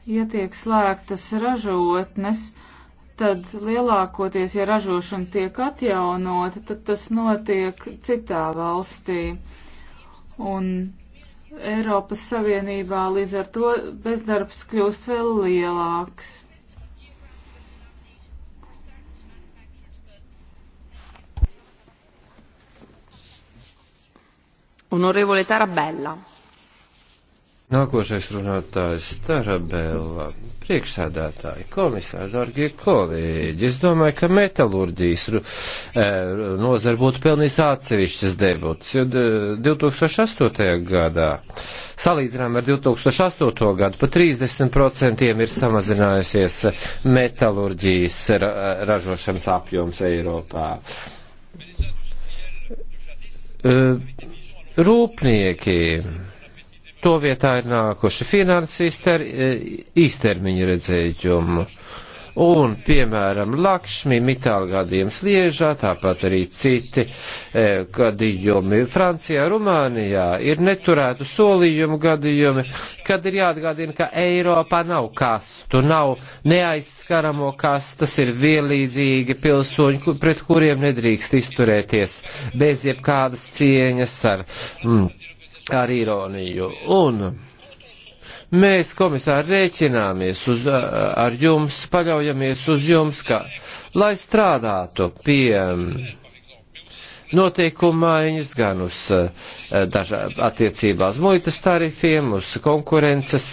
ja tiek slēgtas ražotnes, uh, tad lielākoties, ja ražošana tiek atjaunota, tad tas notiek citā valstī. Un Eiropas Savienībā līdz ar to bezdarbs kļūst vēl lielāks. Onorevole Tarabella. Nākošais runātājs Starabēlā, priekšsēdētāji, komisāri, dārgie kolēģi. Es domāju, ka metalurģijas e, nozara būtu pelnījis atsevišķas debuts, jo 2008. E, gadā, salīdzinām ar 2008. gadu, pa 30% ir samazinājusies metalurģijas ražošanas apjoms Eiropā. E, rūpnieki to vietā ir nākuši finansisti ar e, īstermiņu redzējumu. Un, piemēram, Lakšmi, Mitāla gadījums Liežā, tāpat arī citi e, gadījumi Francijā, Rumānijā ir neturētu solījumu gadījumi, kad ir jāatgādina, ka Eiropā nav kastu, nav neaizskaramo kastas, ir vienlīdzīgi pilsoņi, pret kuriem nedrīkst izturēties bez jebkādas cieņas ar. Mm, ar īroniju. Un mēs, komisāri, rēķināmies uz, ar jums, paļaujamies uz jums, ka, lai strādātu pie noteikuma maiņas, gan uz dažā attiecībās muitas tarifiem, uz konkurences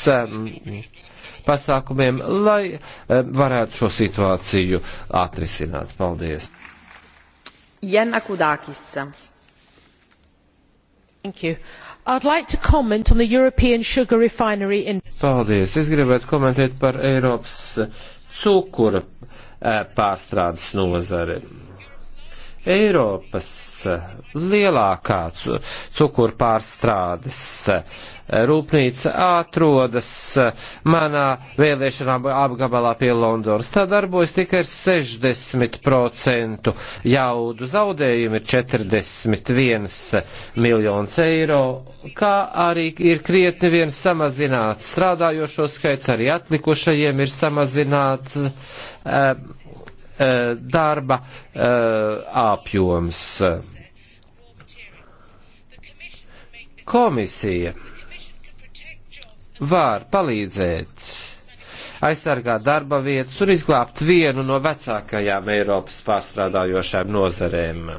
pasākumiem, lai varētu šo situāciju atrisināt. Paldies! Jana Kudakis. Thank you. I'd like to comment on the European sugar refinery in... Paldies. Es gribētu komentēt par Eiropas cukura eh, pārstrādes nozari. Eiropas eh, lielākā cukura pārstrādes eh, rūpnīca atrodas eh, manā vēlēšanā apgabalā pie Londonas. Tā darbojas tikai ar 60% jaudu. Zaudējumi ir 41 miljonus eiro, kā arī ir krietni viens samazināts. Strādājošo skaits arī atlikušajiem ir samazināts. Uh, darba apjoms. Komisija var palīdzēt aizsargāt darba vietas un izglābt vienu no vecākajām Eiropas pārstrādājošām nozarēm.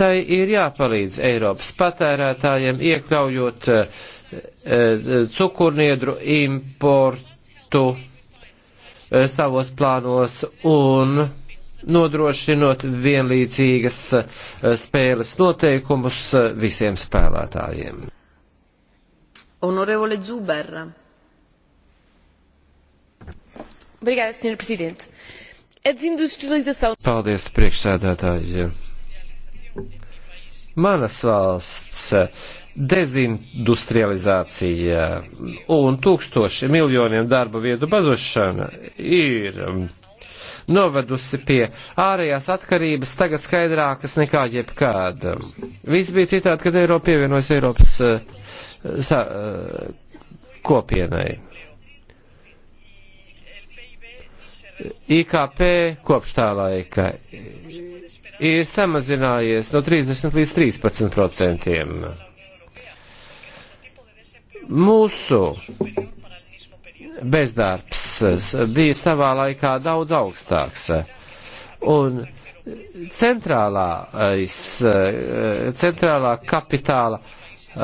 Tai ir jāpalīdz Eiropas patērētājiem, iekļaujot eh, eh, cukurniedru importu eh, savos plānos un nodrošinot vienlīdzīgas spēles noteikumus visiem spēlētājiem. Obrigada, Sr. Presidente. A desindustrialização. Paldies, priekšsēdētāji. Manas valsts eh, dezindustrializācija eh, un tūkstoši miljoniem darba vietu bazošana ir mm, novedusi pie ārējās atkarības tagad skaidrākas nekā jebkāda. Viss bija citādi, kad Eiropa pievienojas Eiropas eh, sa, eh, kopienai. IKP kopš tā laika ir samazinājies no 30 līdz 13 procentiem. Mūsu bezdarbs bija savā laikā daudz augstāks. Un centrālā, eh, centrālā kapitāla uh, Uh,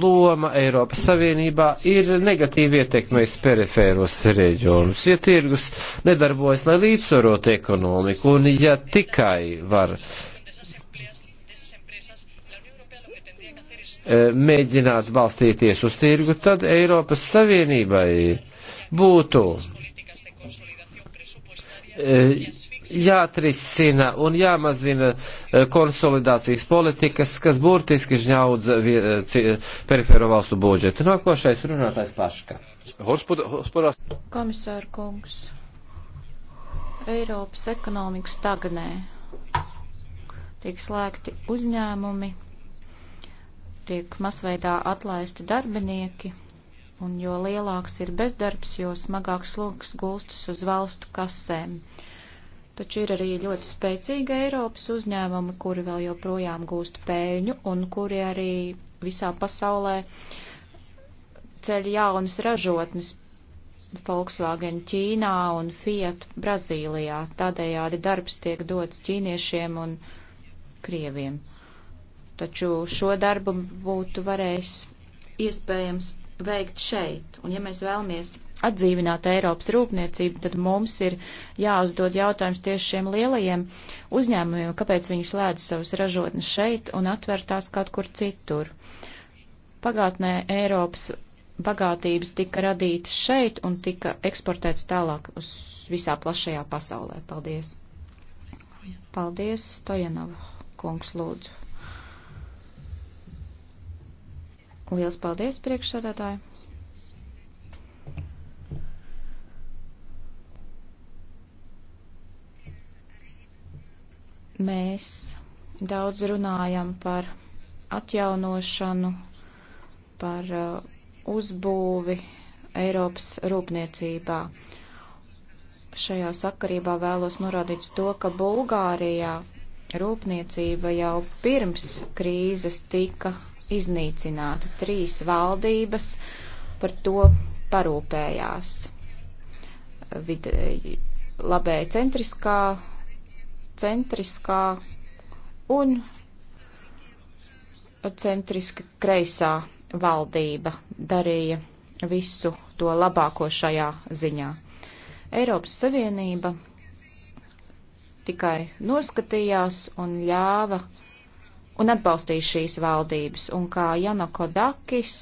loma Eiropas Savienībā ir negatīvi ietekmējis perifēros reģionus. Ja tirgus nedarbojas, lai līdzsvarot ekonomiku, un ja tikai var uh, mēģināt balstīties uz tirgu, tad Eiropas Savienībai būtu uh, jāatrisina un jāmazina eh, konsolidācijas politikas, kas burtiski žņaudz eh, perifēro valstu budžetu. Nākošais runātājs Paška. Komisāra kungs, Eiropas ekonomika stagnē. Tiek slēgti uzņēmumi, tiek masveidā atlaisti darbinieki, un jo lielāks ir bezdarbs, jo smagāks sloks gulstas uz valstu kasēm. Uh, Taču ir arī ļoti spēcīga Eiropas uzņēmuma, kuri vēl joprojām gūst pēļņu un kuri arī visā pasaulē ceļ jaunas ražotnes Volkswagen Ķīnā un Fiat Brazīlijā. Tādējādi darbs tiek dots ķīniešiem un krieviem. Taču šo darbu būtu varējis iespējams veikt šeit. Un ja mēs vēlamies atdzīvināt Eiropas rūpniecību, tad mums ir jāuzdod jautājums tieši šiem lielajiem uzņēmumiem, kāpēc viņi slēdz savas ražotnes šeit un atver tās kaut kur citur. Pagātnē Eiropas bagātības tika radītas šeit un tika eksportētas tālāk uz visā plašajā pasaulē. Paldies! Paldies, Stojanova kungs, lūdzu. Liels paldies, priekšsēdētāji! Mēs daudz runājam par atjaunošanu, par uh, uzbūvi Eiropas rūpniecībā. Šajā sakarībā vēlos norādīt to, ka Bulgārijā rūpniecība jau pirms krīzes tika iznīcināta. Trīs valdības par to parūpējās. Vide, labēja centriskā centriskā un centriski kreisā valdība darīja visu to labāko šajā ziņā. Eiropas Savienība tikai noskatījās un ļāva un atbalstīja šīs valdības. Un kā Janako Dakis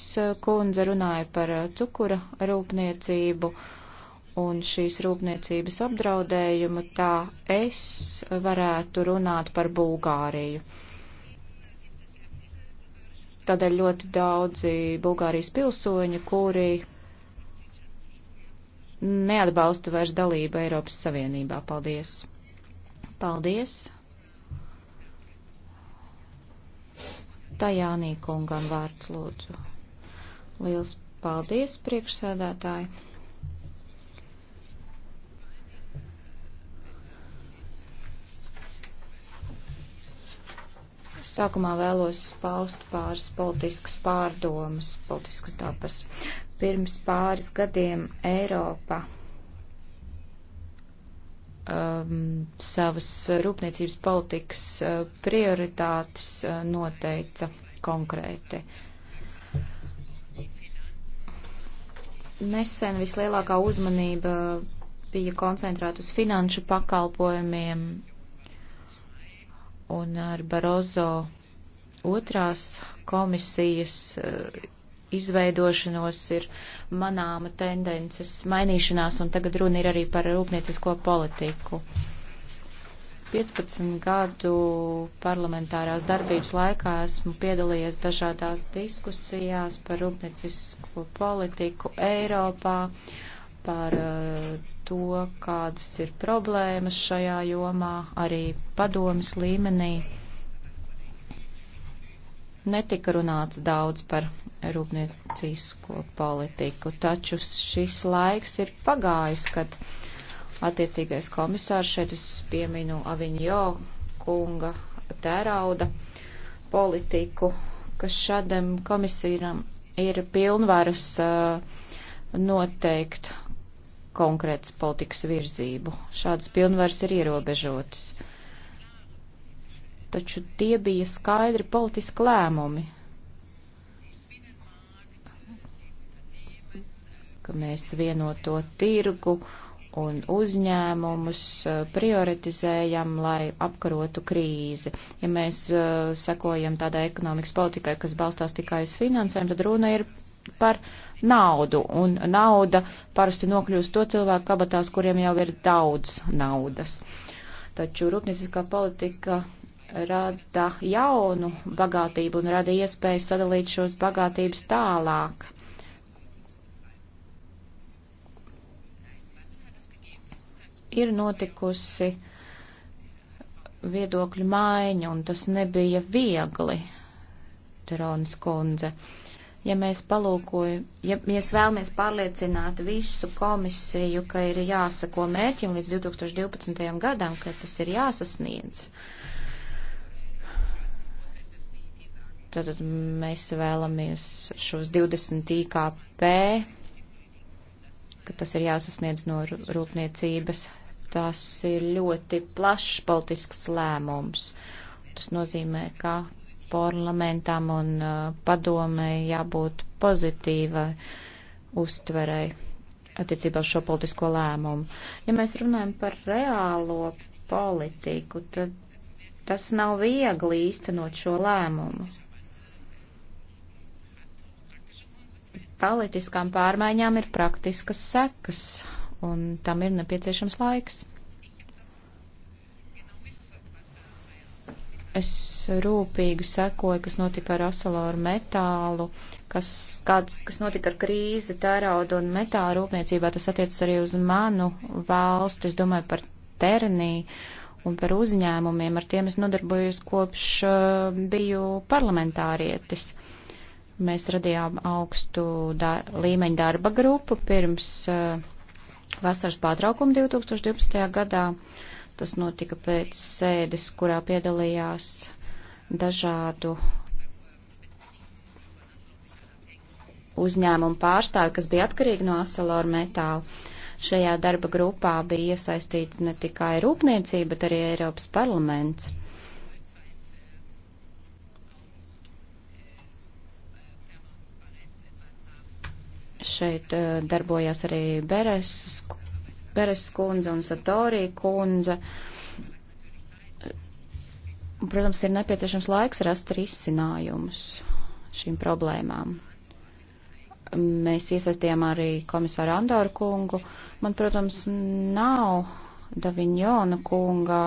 kundze runāja par cukura rūpniecību, uh, un šīs rūpniecības apdraudējumu, tā es varētu runāt par Bulgāriju. Tādēļ ļoti daudzi Bulgārijas pilsoņi, kuri neatbalsta vairs dalību Eiropas Savienībā. Paldies! Paldies! Tajānī kungam vārds lūdzu. Liels paldies, priekšsēdētāji! Sākumā vēlos paust pāris politiskas pārdomas, politiskas dabas. Pirms pāris gadiem Eiropa um, savas rūpniecības politikas uh, prioritātes uh, noteica konkrēti. Nesen vislielākā uzmanība bija koncentrēta uz finanšu pakalpojumiem, un ar Barozo otrās komisijas eh, izveidošanos ir manāma tendences mainīšanās, un tagad runa ir arī par rūpniecisko politiku. 15 gadu parlamentārās darbības laikā esmu piedalījies dažādās diskusijās par rūpniecisko politiku Eiropā. Uh, par eh, to, kādas ir problēmas šajā jomā, arī padomas līmenī. Netika runāts daudz par rūpniecisko politiku, taču šis laiks ir pagājis, kad attiecīgais komisārs šeit es pieminu Aviņo kunga tērauda politiku, kas šādam komisijam ir pilnvaras uh, noteikt konkrētas politikas virzību. Šādas pilnvaras ir ierobežotas. Taču tie bija skaidri politiski lēmumi, ka mēs vienoto tirgu un uzņēmumus eh, prioritizējam, lai apkarotu krīzi. Ja mēs eh, sekojam tādai ekonomikas politikai, kas balstās tikai uz finansēm, tad runa ir par naudu, un nauda parasti nokļūst to cilvēku kabatās, kuriem jau ir daudz naudas. Taču rūpnieciskā politika rada jaunu bagātību un rada iespēju sadalīt šos bagātības tālāk. Ir notikusi viedokļu maiņa, un tas nebija viegli, Teronis Kundze. Uh, ja mēs palūkojam, ja mēs vēlamies pārliecināt visu komisiju, ka ir jāsako mērķim līdz 2012. gadam, ka tas ir jāsasniedz, tad mēs vēlamies šos 20 IKP, ka tas ir jāsasniedz no rūpniecības. Tas ir ļoti plašs politisks lēmums. Tas nozīmē, ka parlamentam un uh, padomei jābūt pozitīvai uztverei attiecībā uz šo politisko lēmumu. Ja mēs runājam par reālo politiku, tad tas nav viegli īstenot šo lēmumu. Politiskām pārmaiņām ir praktiskas sekas, un tam ir nepieciešams laiks. Es rūpīgi sekoju, kas notika ar asaloru metālu, kas, kāds, kas notika ar krīzi, tērauda un metāla rūpniecībā. Tas attiecas arī uz manu valsti. Es domāju par Ternī un par uzņēmumiem. Ar tiem es nodarbojos kopš uh, biju parlamentārietis. Mēs radījām augstu dar līmeņu darba grupu pirms uh, vasaras pārtraukuma 2012. gadā. Uh, kas notika pēc sēdes, kurā piedalījās dažādu uzņēmumu pārstāvi, kas bija atkarīgi no asalora metāla. Šajā darba grupā bija iesaistīts ne tikai rūpniecība, bet arī Eiropas parlaments. Šeit eh, darbojās arī Bereses Peres kundze un Satorī kundze. Protams, ir nepieciešams laiks rast risinājumus šīm problēmām. Mēs iesaistījām arī komisāru Andoru kungu. Man, protams, nav Daviņona kunga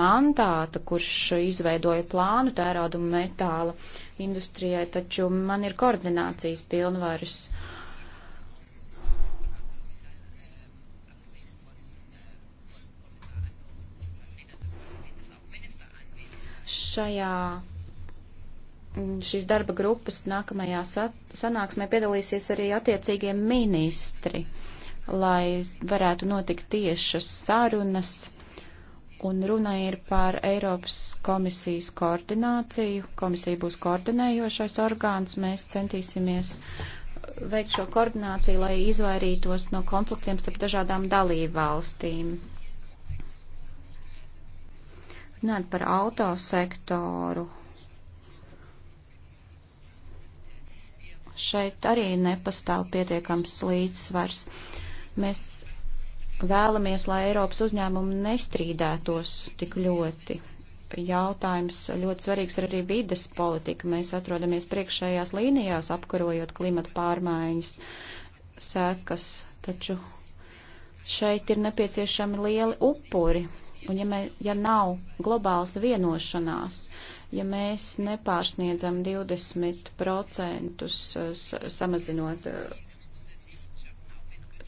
mandāta, kurš izveidoja plānu tērauda un metāla industrijai, taču man ir koordinācijas pilnvaras. Uh, Šajā mm, šīs darba grupas nākamajā sanāksmē piedalīsies arī attiecīgie ministri, lai varētu notikt tiešas sarunas. Un runa ir par Eiropas komisijas koordināciju. Komisija būs koordinējošais orgāns. Mēs centīsimies veikt šo koordināciju, lai izvairītos no konfliktiem starp dažādām dalību valstīm. Runāt par autosektoru. Šeit arī nepastāv pietiekams līdzsvars. Mēs vēlamies, lai Eiropas uzņēmumi nestrīdētos tik ļoti. Jautājums ļoti svarīgs ir arī vides politika. Mēs atrodamies priekšējās līnijās, apkarojot klimata pārmaiņas sekas, taču šeit ir nepieciešami lieli upuri. Un ja, mē, ja nav globālas vienošanās, ja mēs nepārsniedzam 20% samazinot eh,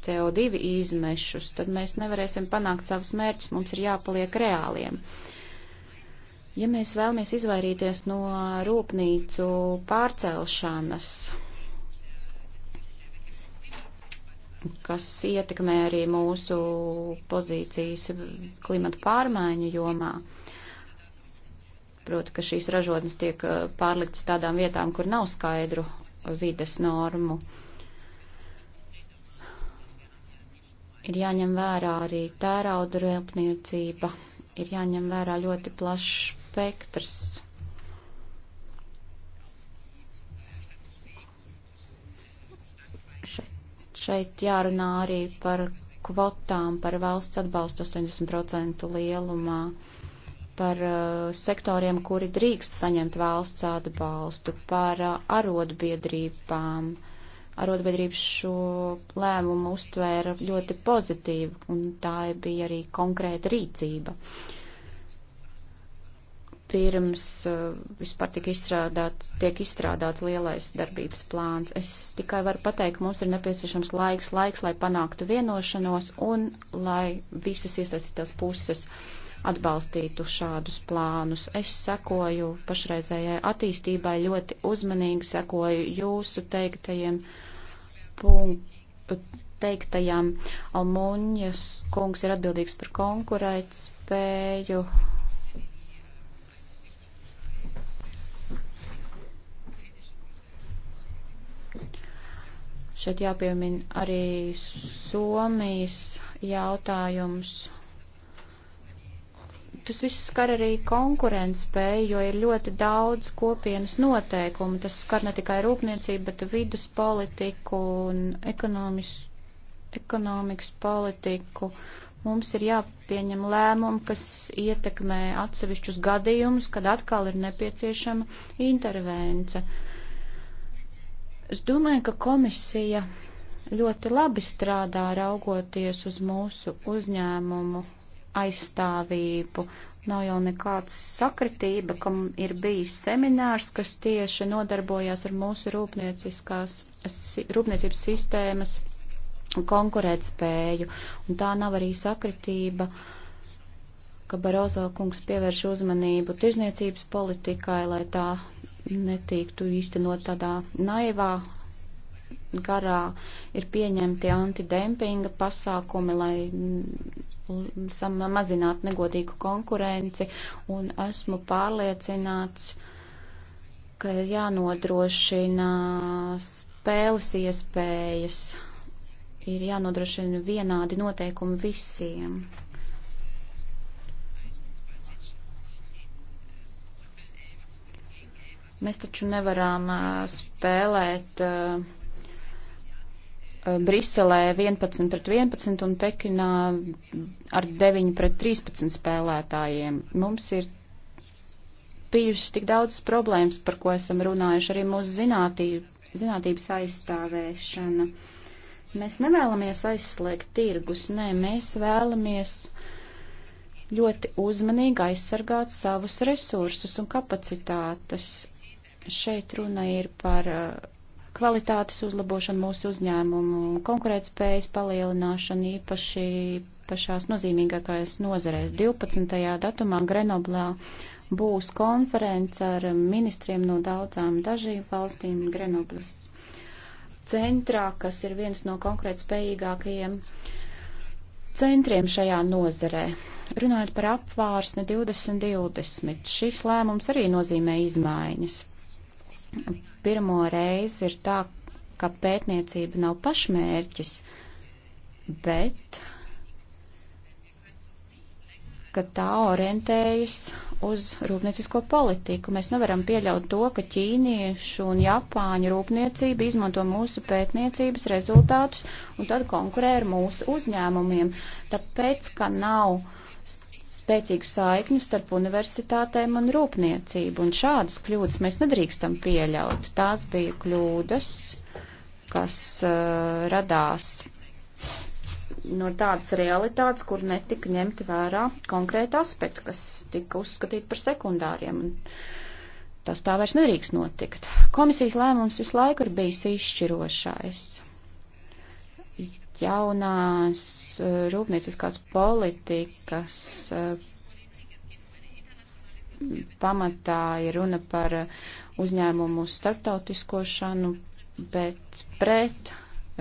CO2 izmešus, tad mēs nevarēsim panākt savus mērķus, mums ir jāpaliek reāliem. Ja mēs vēlamies izvairīties no rūpnīcu pārcelšanas, kas ietekmē arī mūsu pozīcijas klimata pārmaiņu jomā. Proti, ka šīs ražotnes tiek uh, pārliktas tādām vietām, kur nav skaidru vides normu. Ir jāņem vērā arī tērauda rēpniecība, ir jāņem vērā ļoti plašs spektrs Šeit jārunā arī par kvotām, par valsts atbalstu 80% lielumā, par uh, sektoriem, kuri drīkst saņemt valsts atbalstu, par uh, arotbiedrībām. Arotbiedrības šo lēmumu uztvēra ļoti pozitīvi, un tā bija arī konkrēta rīcība. Uh, pirms uh, vispār tik izstrādāts, tiek izstrādāts lielais darbības plāns. Es tikai varu pateikt, mums ir nepieciešams laiks, laiks, lai panāktu vienošanos un lai visas iesaistītās puses atbalstītu šādus plānus. Es sekoju pašreizējai attīstībai ļoti uzmanīgi, sekoju jūsu teiktajiem punktiem teiktajām. Almuņas kungs ir atbildīgs par konkurētspēju Šeit jāpiemina arī Somijas jautājums. Tas viss skar arī konkurentspēju, jo ir ļoti daudz kopienas noteikumu. Tas skar ne tikai rūpniecību, bet vidus politiku un ekonomis, ekonomikas politiku. Mums ir jāpieņem lēmumi, kas ietekmē atsevišķus gadījumus, kad atkal ir nepieciešama intervence. Uh, Es domāju, ka komisija ļoti labi strādā raugoties uz mūsu uzņēmumu aizstāvību. Nav jau nekāds sakritība, kam ir bijis seminārs, kas tieši nodarbojās ar mūsu rūpniecības sistēmas konkurētspēju. Un tā nav arī sakritība, ka Barozo kungs pievērš uzmanību tirzniecības politikai, lai tā netiktu īstenot tādā naivā garā, ir pieņemti antidempinga pasākumi, lai mm, mazinātu negodīgu konkurenci, un esmu pārliecināts, ka ir jānodrošina spēles iespējas, ir jānodrošina vienādi noteikumi visiem. Mēs taču nevaram spēlēt Briselē 11 pret 11 un Pekinā ar 9 pret 13 spēlētājiem. Mums ir bijušas tik daudz problēmas, par ko esam runājuši, arī mūsu zinātība, zinātības aizstāvēšana. Mēs nevēlamies aizslēgt tirgus, nē, mēs vēlamies ļoti uzmanīgi aizsargāt savus resursus un kapacitātes. Šeit runa ir par uh, kvalitātes uzlabošanu mūsu uzņēmumu, konkurētspējas palielināšanu īpaši pašās nozīmīgākajās nozarēs. 12. datumā Grenoblā būs konference ar ministriem no daudzām dažīm valstīm Grenoblas centrā, kas ir viens no konkurētspējīgākajiem centriem šajā nozarē. Runājot par apvārsni 2020, šis lēmums arī nozīmē izmaiņas pirmo reizi ir tā, ka pētniecība nav pašmērķis, bet ka tā orientējas uz rūpniecisko politiku. Mēs nevaram pieļaut to, ka ķīniešu un japāņu rūpniecība izmanto mūsu pētniecības rezultātus un tad konkurē ar mūsu uzņēmumiem, tāpēc, ka nav uh, spēcīgu saikņu starp universitātēm un rūpniecību, un šādas kļūdas mēs nedrīkstam pieļaut. Tās bija kļūdas, kas uh, radās no tādas realitātes, kur netika ņemti vērā konkrēti aspekti, kas tika uzskatīti par sekundāriem. Un tas tā vairs nedrīkst notikt. Komisijas lēmums visu laiku ir bijis izšķirošais jaunās eh, rūpnieciskās politikas eh, pamatā ir runa par uzņēmumu starptautiskošanu, bet pret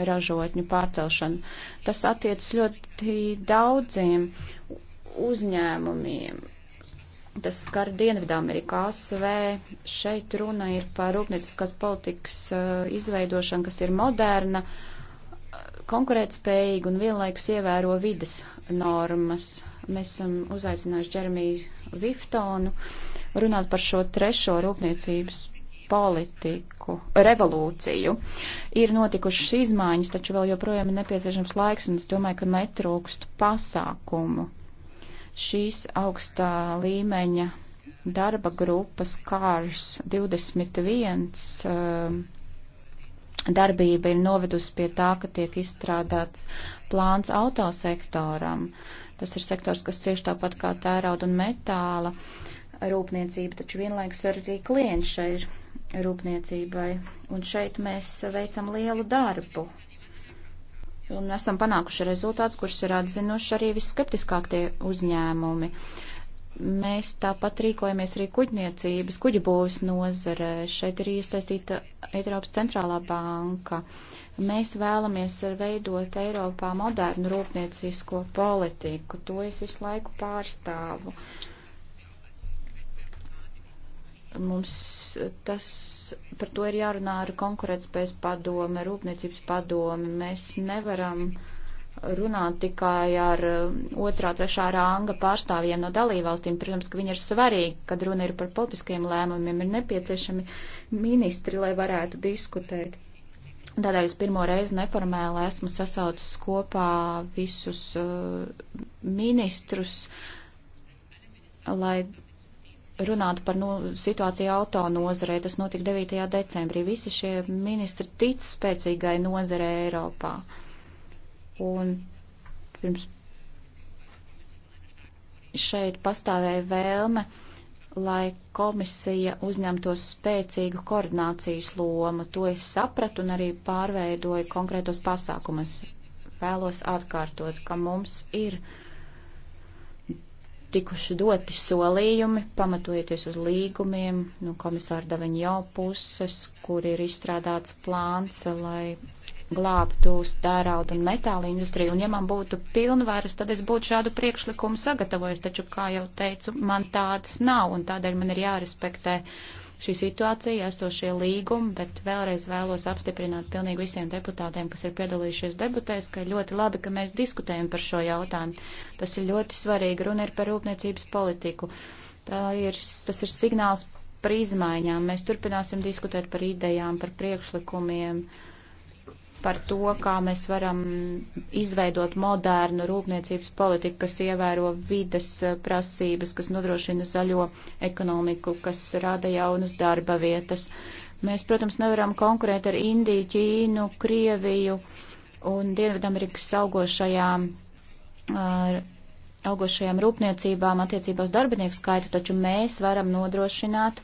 ražotņu pārcelšanu. Tas attiec ļoti daudziem uzņēmumiem. Tas skar Dienvidāmerikā, ASV. Šeit runa ir par rūpnieciskās politikas eh, izveidošanu, kas ir moderna, uh, konkurētspējīgi un vienlaikus ievēro vidas normas. Mēs esam uzaicinājuši Džermiju Viftonu runāt par šo trešo rūpniecības politiku, revolūciju. Ir notikušas izmaiņas, taču vēl joprojām ir nepieciešams laiks, un es domāju, ka netrūkst pasākumu. Šīs augstā līmeņa darba grupas kārs 21. Um, darbība ir novedusi pie tā, ka tiek izstrādāts plāns autosektoram. Tas ir sektors, kas cieši tāpat kā tērauda un metāla rūpniecība, taču vienlaikus arī klients šai rūpniecībai. Un šeit mēs veicam lielu darbu. Un esam panākuši rezultāts, kurš ir atzinuši arī visskeptiskākie uzņēmumi. Uh, Mēs tāpat rīkojamies arī kuģniecības, kuģibūvas nozare. Šeit ir iesaistīta Eiropas centrālā banka. Mēs vēlamies veidot Eiropā modernu rūpniecisko politiku. To es visu laiku pārstāvu. Mums tas, par to ir jārunā ar konkurētspējas padome, rūpniecības padome. Mēs nevaram uh, runāt tikai ar uh, otrā, trešā ranga pārstāvjiem no dalībvalstīm. Protams, ka viņi ir svarīgi, kad runa ir par politiskiem lēmumiem, ir nepieciešami ministri, lai varētu diskutēt. Tādēļ es pirmo reizi neformēli esmu sasaucis kopā visus uh, ministrus, lai runātu par nu, situāciju auto nozarē. Tas notika 9. decembrī. Visi šie ministri tic spēcīgai nozarē Eiropā. Uh, Un pirms šeit pastāvēja vēlme, lai komisija uzņemtos spēcīgu koordinācijas lomu. To es sapratu un arī pārveidoju konkrētos pasākumus. Vēlos atkārtot, ka mums ir tikuši doti solījumi, pamatojoties uz līgumiem no nu, komisāra Daviņo puses, kur ir izstrādāts plāns, lai glābtu stērauda un metāla industriju. Un ja man būtu pilnvaras, tad es būtu šādu priekšlikumu sagatavojis, taču, kā jau teicu, man tādas nav, un tādēļ man ir jārespektē šī situācija, esošie līgumi, bet vēlreiz vēlos apstiprināt pilnīgi visiem deputātiem, kas ir piedalījušies debatēs, ka ļoti labi, ka mēs diskutējam par šo jautājumu. Tas ir ļoti svarīgi, runa ir par rūpniecības politiku. Tā ir, tas ir signāls par izmaiņām. Mēs turpināsim diskutēt par idejām, par priekšlikumiem. Uh, par to, kā mēs varam izveidot modernu rūpniecības politiku, kas ievēro vides eh, prasības, kas nodrošina zaļo ekonomiku, kas rada jaunas darba vietas. Mēs, protams, nevaram konkurēt ar Indiju, Ķīnu, Krieviju un Dienvidamerikas augošajām. Uh, eh, augošajām rūpniecībām attiecībā uz darbinieku skaitu, taču mēs varam nodrošināt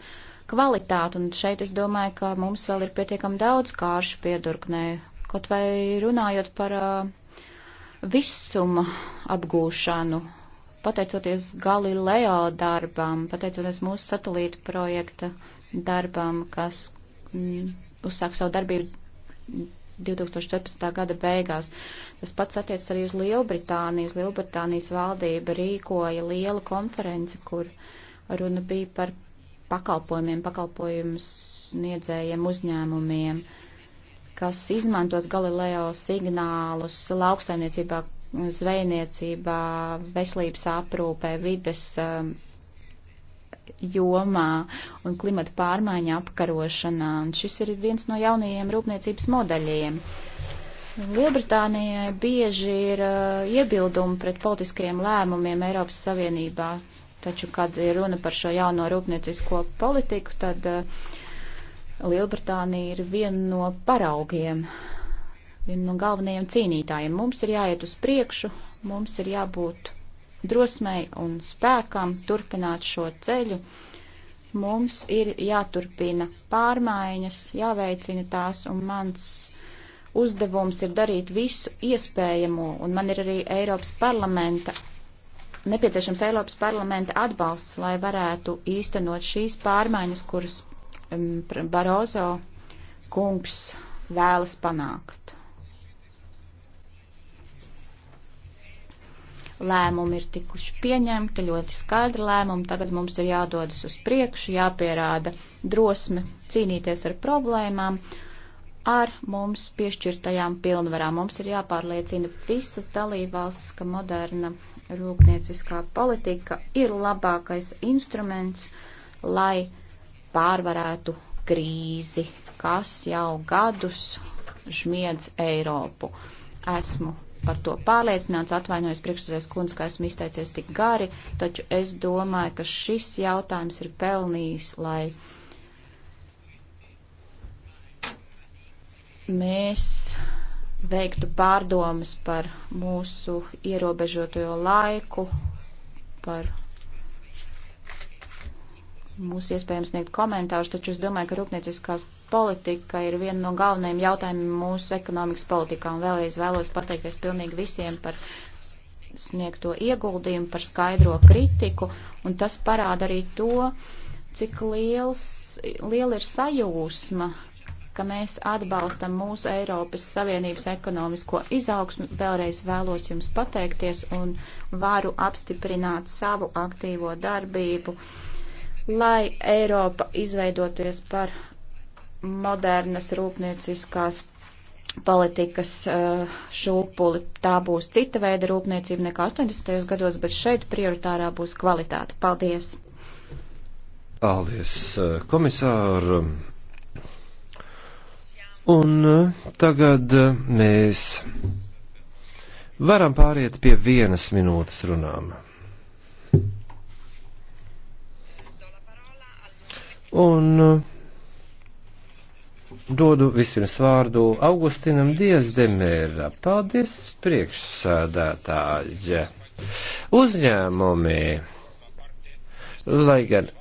kvalitāti, un šeit es domāju, ka mums vēl ir pietiekami daudz kāršu piedurknē, Kaut vai runājot par visuma apgūšanu, pateicoties Galileo darbam, pateicoties mūsu satelīta projekta darbam, kas mm, uzsāk savu darbību 2014. gada beigās. Tas pats attiecas arī uz Lielbritāniju. Lielbritānijas valdība rīkoja lielu konferenci, kur runa bija par pakalpojumiem, pakalpojumu sniedzējiem, uzņēmumiem. Uh, kas izmantos Galileo signālus lauksaimniecībā, zvejniecībā, veselības aprūpē, vides um, jomā un klimata pārmaiņa apkarošanā. Un šis ir viens no jaunajiem rūpniecības modeļiem. Lielbritānijai bieži ir uh, iebildumi pret politiskajiem lēmumiem Eiropas Savienībā, taču, kad ir runa par šo jauno rūpniecisko politiku, tad uh, Lielbritānija ir viena no paraugiem, viena no galvenajiem cīnītājiem. Mums ir jāiet uz priekšu, mums ir jābūt drosmei un spēkam turpināt šo ceļu. Mums ir jāturpina pārmaiņas, jāveicina tās, un mans uzdevums ir darīt visu iespējamo, un man ir arī Eiropas parlamenta, nepieciešams Eiropas parlamenta atbalsts, lai varētu īstenot šīs pārmaiņas, kuras Um, Barozo kungs vēlas panākt. Lēmumi ir tikuši pieņemti, ļoti skaidri lēmumi. Tagad mums ir jādodas uz priekšu, jāpierāda drosme cīnīties ar problēmām ar mums piešķirtajām pilnvarām. Mums ir jāpārliecina visas dalībvalstis, ka moderna rūpnieciskā politika ir labākais instruments, lai pārvarētu krīzi, kas jau gadus žmiedz Eiropu. Esmu par to pārliecināts, atvainojos priekšstādēs kundz, ka esmu izteicies tik gari, taču es domāju, ka šis jautājums ir pelnījis, lai mēs veiktu pārdomas par mūsu ierobežoto laiku, par Mūs iespējams sniegt komentārus, taču es domāju, ka rūpnieciskā politika ir viena no galvenajiem jautājumiem mūsu ekonomikas politikā. Un vēlreiz vēlos pateikties pilnīgi visiem par sniegto ieguldījumu, par skaidro kritiku. Un tas parāda arī to, cik liels, liela ir sajūsma, ka mēs atbalstam mūsu Eiropas Savienības ekonomisko izaugsmu. Vēlreiz vēlos jums pateikties un varu apstiprināt savu aktīvo darbību lai Eiropa izveidoties par modernas rūpnieciskās politikas eh, šūpuli. Tā būs cita veida rūpniecība nekā 80. gados, bet šeit prioritārā būs kvalitāte. Paldies! Paldies, eh, komisāru! Un eh, tagad mēs varam pāriet pie vienas minūtes runām. Un uh, dodu vispirms vārdu Augustinam Diezdemēra. Paldies, priekšsēdētāji! Uzņēmumi, lai gan